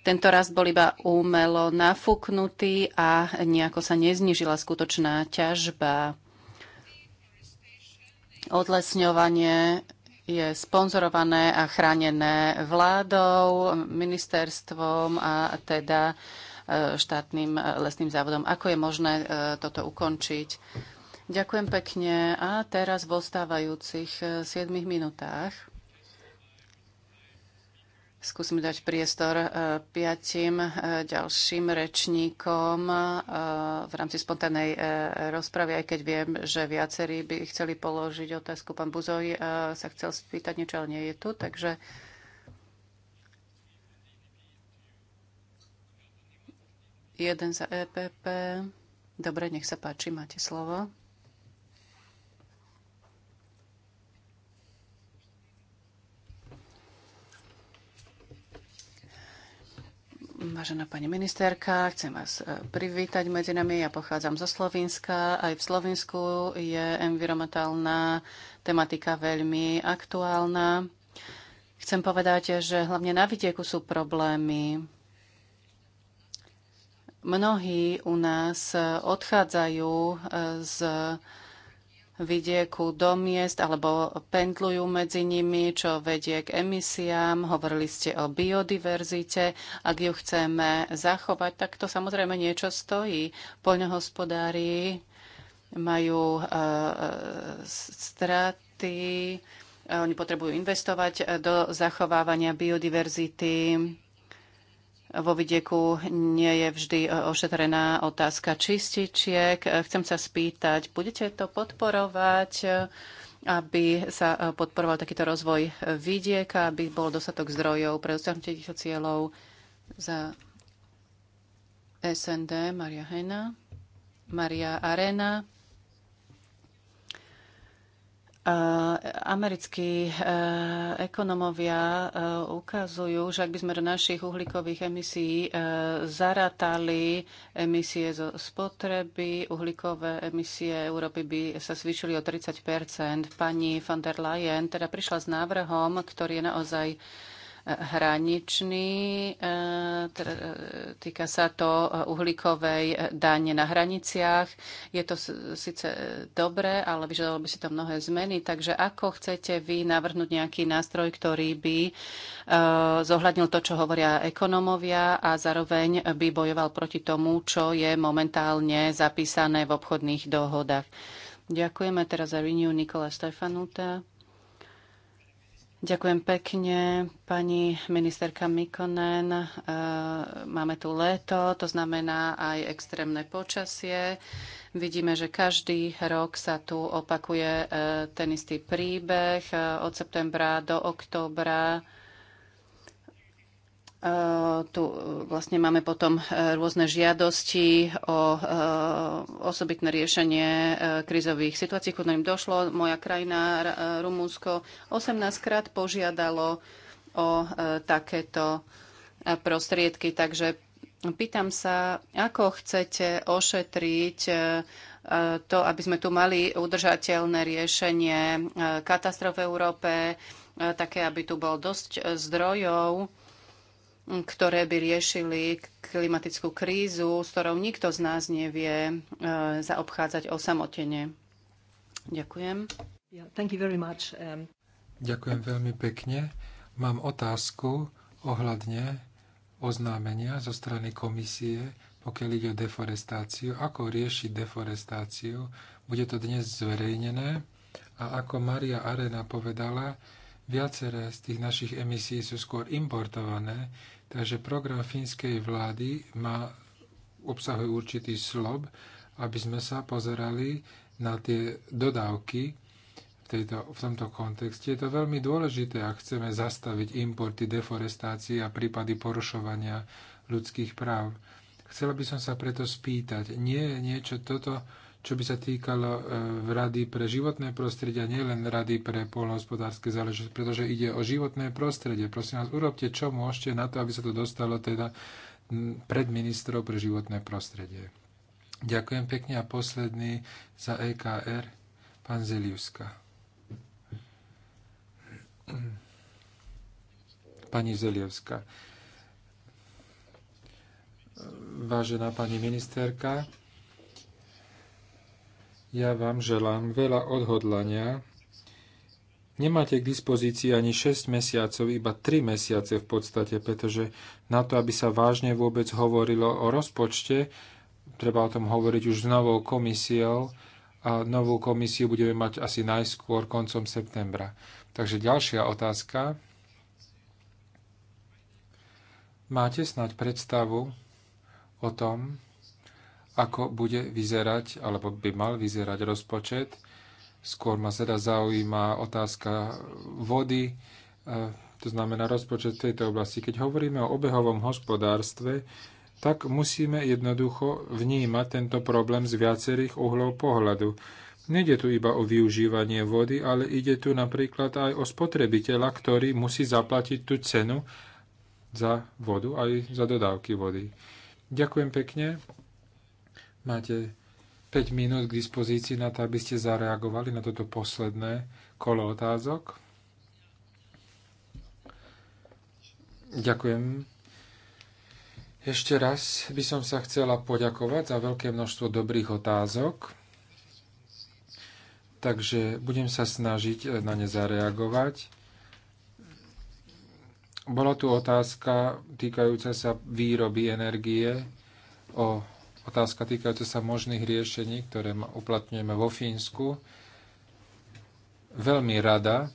Tento rast bol iba umelo nafúknutý a nejako sa neznižila skutočná ťažba. Odlesňovanie je sponzorované a chránené vládou, ministerstvom a teda e, štátnym e, lesným závodom. Ako je možné e, toto ukončiť? Ďakujem pekne. A teraz v ostávajúcich 7 eh, minútach skúsim dať priestor eh, piatim eh, ďalším rečníkom v rámci spontánej rozpravy, aj keď viem, že viacerí by chceli položiť otázku. Pán Buzoj sa chcel spýtať niečo, ale nie je tu, takže jeden za EPP. Dobre, nech sa páči, máte slovo. Vážená pani ministerka, chcem vás e, privítať medzi nami. Ja pochádzam zo Slovenska. Aj v Slovensku je environmentálna tematika veľmi aktuálna. Chcem povedať, že hlavne na vidieku sú problémy. Mnohí u nás odchádzajú e, z vidieku do miest alebo pendlujú medzi nimi, čo vedie k emisiám. Hovorili ste o biodiverzite. Ak ju chceme zachovať, tak to samozrejme niečo stojí. Poľnohospodári majú uh, straty, oni potrebujú investovať do zachovávania biodiverzity vo vidieku nie je vždy e, ošetrená otázka čističiek. E, chcem sa spýtať, budete to podporovať, e, aby sa podporoval takýto rozvoj vidieka, aby bol dostatok zdrojov pre dosiahnutie týchto cieľov za SND Maria Hena, Maria Arena. Americkí e, ekonomovia e, ukazujú, že ak by sme do našich uhlíkových emisí e, zaratali emisie zo spotreby, uhlíkové emisie Európy by sa zvýšili o 30 Pani von der Leyen teda prišla s návrhom, ktorý je naozaj hraničný. E, týka sa to uhlíkovej dane na hraniciach. Je to síce dobré, ale vyžadalo by si to mnohé zmeny. Takže ako chcete vy navrhnúť nejaký nástroj, ktorý by e, zohľadnil to, čo hovoria ekonomovia a zároveň by bojoval proti tomu, čo je momentálne zapísané v obchodných dohodách. Ďakujeme teraz za Renew Nikola Stefanuta. Ďakujem pekne, pani ministerka Mikonen. E, máme tu leto, to znamená aj extrémne počasie. Vidíme, že každý rok sa tu opakuje e, ten istý príbeh e, od septembra do októbra Eh, tu eh, vlastne máme potom eh, rôzne žiadosti o osobitné riešenie krizových situácií, ku ktorým došlo. Moja krajina, Rumúnsko, 18 krát požiadalo o takéto prostriedky. Takže pýtam sa, ako chcete ošetriť to, aby sme tu mali udržateľné riešenie katastrof v Európe, také, aby tu bol dosť zdrojov ktoré by riešili klimatickú krízu, s ktorou nikto z nás nevie e, zaobchádzať osamotene. Ďakujem. Yeah, thank you very much. Um... Ďakujem veľmi pekne. Mám otázku ohľadne oznámenia zo strany komisie, pokiaľ ide o deforestáciu. Ako riešiť deforestáciu? Bude to dnes zverejnené. A ako Maria Arena povedala, viaceré z tých našich emisí sú skôr importované, Takže program fínskej vlády má, obsahuje určitý slob, aby sme sa pozerali na tie dodávky v, tejto, v tomto kontexte. Je to veľmi dôležité, ak chceme zastaviť importy, deforestácie a prípady porušovania ľudských práv. Chcela by som sa preto spýtať, nie je niečo toto čo by sa týkalo e, v Rady pre životné prostredie a nielen Rady pre polnohospodárske záležitosti, pretože ide o životné prostredie. Prosím vás, urobte čo môžete na to, aby sa to dostalo teda pred ministrov pre životné prostredie. Ďakujem pekne a posledný za EKR, pán Zeliuska. Pani Zelievska. Vážená pani ministerka, ja vám želám veľa odhodlania. Nemáte k dispozícii ani 6 mesiacov, iba 3 mesiace v podstate, pretože na to, aby sa vážne vôbec hovorilo o rozpočte, treba o tom hovoriť už s novou komisiou a novú komisiu budeme mať asi najskôr koncom septembra. Takže ďalšia otázka. Máte snáď predstavu o tom, ako bude vyzerať, alebo by mal vyzerať rozpočet. Skôr ma teda zaujíma otázka vody, e, to znamená rozpočet v tejto oblasti. Keď hovoríme o obehovom hospodárstve, tak musíme jednoducho vnímať tento problém z viacerých uhlov pohľadu. Nede tu iba o využívanie vody, ale ide tu napríklad aj o spotrebiteľa, ktorý musí zaplatiť tú cenu za vodu aj za dodávky vody. Ďakujem pekne. Máte 5 minút k dispozícii na to, aby ste zareagovali na toto posledné kolo otázok. Ďakujem. Ešte raz by som sa chcela poďakovať za veľké množstvo dobrých otázok. Takže budem sa snažiť eh, na ne zareagovať. Bola tu otázka týkajúca sa výroby energie o otázka týkajúca sa možných riešení, ktoré uplatňujeme vo Fínsku. Veľmi rada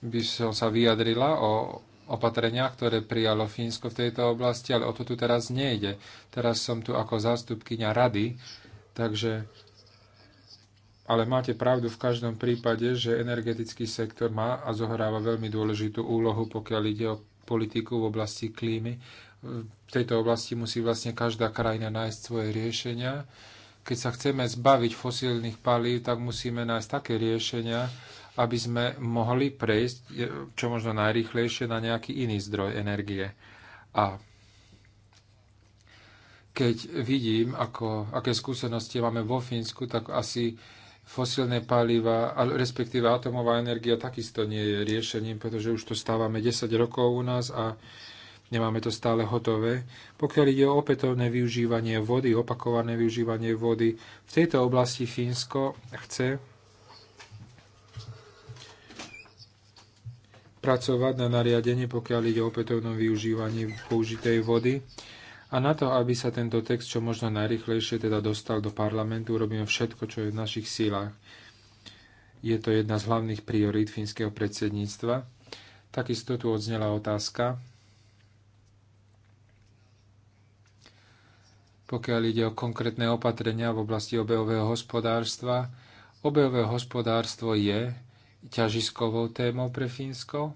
by som sa vyjadrila o opatreniach, ktoré prijalo Fínsko v tejto oblasti, ale o to tu teraz nejde. Teraz som tu ako zástupkynia rady, takže... Ale máte pravdu v každom prípade, že energetický sektor má a zohráva veľmi dôležitú úlohu, pokiaľ ide o politiku v oblasti klímy v tejto oblasti musí vlastne každá krajina nájsť svoje riešenia. Keď sa chceme zbaviť fosílnych palív, tak musíme nájsť také riešenia, aby sme mohli prejsť čo možno najrýchlejšie na nejaký iný zdroj energie. A keď vidím, ako, aké skúsenosti máme vo Fínsku, tak asi fosílne paliva, respektíve atomová energia takisto nie je riešením, pretože už to stávame 10 rokov u nás a nemáme to stále hotové. Pokiaľ ide o opätovné využívanie vody, opakované využívanie vody, v tejto oblasti Fínsko chce pracovať na nariadenie, pokiaľ ide o opätovnom využívanie použitej vody. A na to, aby sa tento text čo možno najrychlejšie teda dostal do parlamentu, robíme všetko, čo je v našich sílách. Je to jedna z hlavných priorít fínskeho predsedníctva. Takisto tu odznela otázka, pokiaľ ide o konkrétne opatrenia v oblasti obehového hospodárstva. Obehové hospodárstvo je ťažiskovou témou pre Fínsko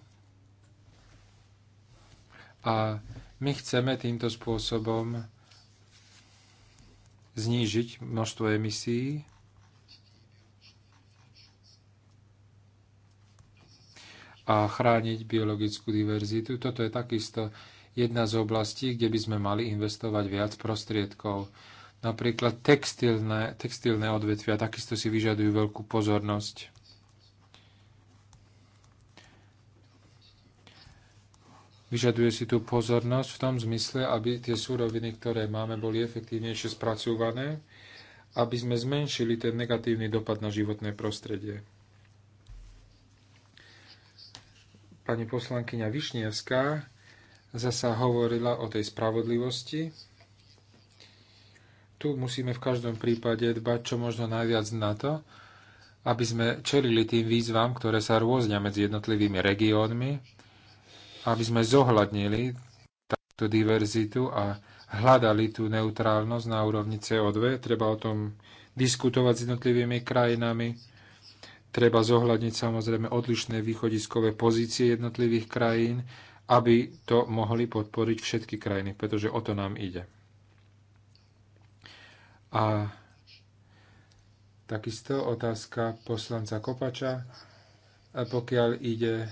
a my chceme týmto spôsobom znížiť množstvo emisí. a chrániť biologickú diverzitu. Toto je takisto jedna z oblastí, kde by sme mali investovať viac prostriedkov. Napríklad textilné, textilné odvetvia takisto si vyžadujú veľkú pozornosť. Vyžaduje si tú pozornosť v tom zmysle, aby tie súroviny, ktoré máme, boli efektívnejšie spracované, aby sme zmenšili ten negatívny dopad na životné prostredie. Pani poslankyňa Višnievská zasa hovorila o tej spravodlivosti. Tu musíme v každom prípade dbať čo možno najviac na to, aby sme čelili tým výzvam, ktoré sa rôznia medzi jednotlivými regiónmi, aby sme zohľadnili takto diverzitu a hľadali tú neutrálnosť na úrovni CO2. Treba o tom diskutovať s jednotlivými krajinami. Treba zohľadniť samozrejme odlišné východiskové pozície jednotlivých krajín aby to mohli podporiť všetky krajiny, pretože o to nám ide. A takisto otázka poslanca Kopača, pokiaľ ide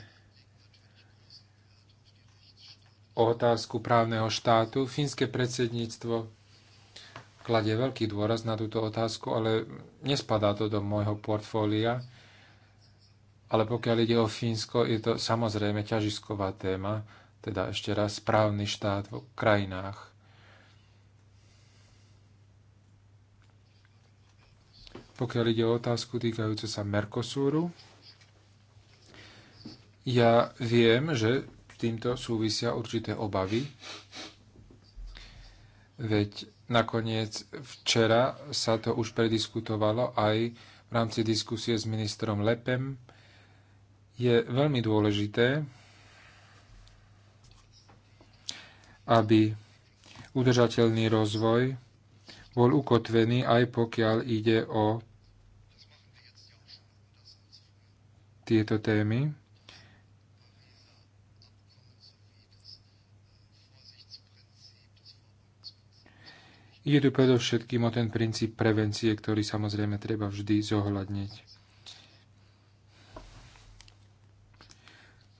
o otázku právneho štátu. Fínske predsedníctvo kladie veľký dôraz na túto otázku, ale nespadá to do môjho portfólia ale pokiaľ ide o Fínsko, je to samozrejme ťažisková téma, teda ešte raz právny štát v krajinách. Pokiaľ ide o otázku týkajúce sa Mercosuru, ja viem, že týmto súvisia určité obavy, veď nakoniec včera sa to už prediskutovalo aj v rámci diskusie s ministrom Lepem, je veľmi dôležité, aby udržateľný rozvoj bol ukotvený aj pokiaľ ide o tieto témy. Ide tu predovšetkým o ten princíp prevencie, ktorý samozrejme treba vždy zohľadniť.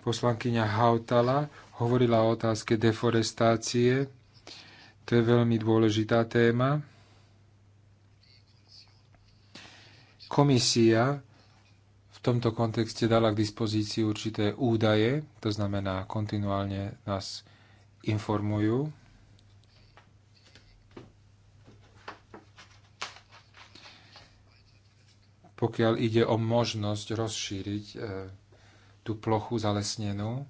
Poslankyňa Hautala hovorila o otázke deforestácie. To je veľmi dôležitá téma. Komisia v tomto kontexte dala k dispozícii určité údaje, to znamená, kontinuálne nás informujú. Pokiaľ ide o možnosť rozšíriť eh, tú plochu zalesnenú.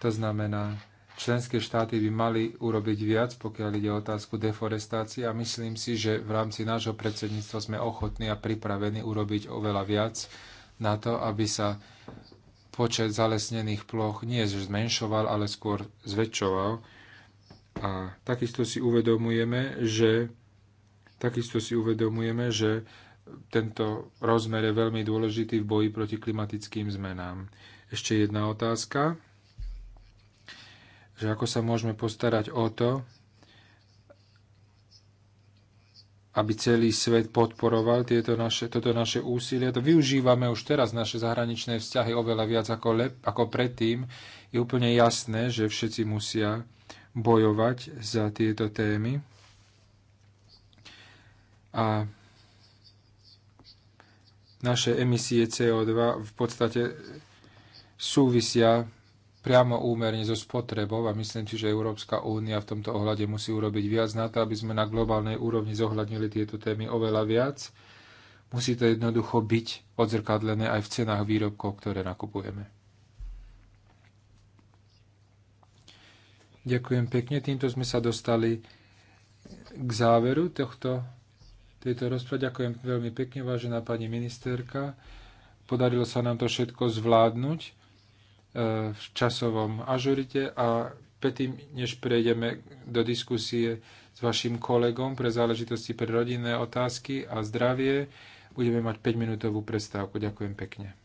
To znamená, členské štáty by mali urobiť viac, pokiaľ ide o otázku deforestácie a myslím si, že v rámci nášho predsedníctva sme ochotní a pripravení urobiť oveľa viac na to, aby sa počet zalesnených ploch nie zmenšoval, ale skôr zväčšoval. A takisto si uvedomujeme, že takisto si uvedomujeme, že tento rozmer je veľmi dôležitý v boji proti klimatickým zmenám. Ešte jedna otázka, že ako sa môžeme postarať o to, aby celý svet podporoval tieto naše, toto naše úsilie. To využívame už teraz naše zahraničné vzťahy oveľa viac ako, lep, ako predtým. Je úplne jasné, že všetci musia bojovať za tieto témy. A naše emisie CO2 v podstate súvisia priamo úmerne so spotrebou a myslím si, že Európska únia v tomto ohľade musí urobiť viac na to, aby sme na globálnej úrovni zohľadnili tieto témy oveľa viac. Musí to jednoducho byť odzrkadlené aj v cenách výrobkov, ktoré nakupujeme. Ďakujem pekne. Týmto sme sa dostali k záveru tohto tejto rozprave. Ďakujem veľmi pekne, vážená pani ministerka. Podarilo sa nám to všetko zvládnuť e, v časovom ažurite a predtým, než prejdeme do diskusie s vašim kolegom pre záležitosti pre rodinné otázky a zdravie, budeme mať 5-minútovú prestávku. Ďakujem pekne.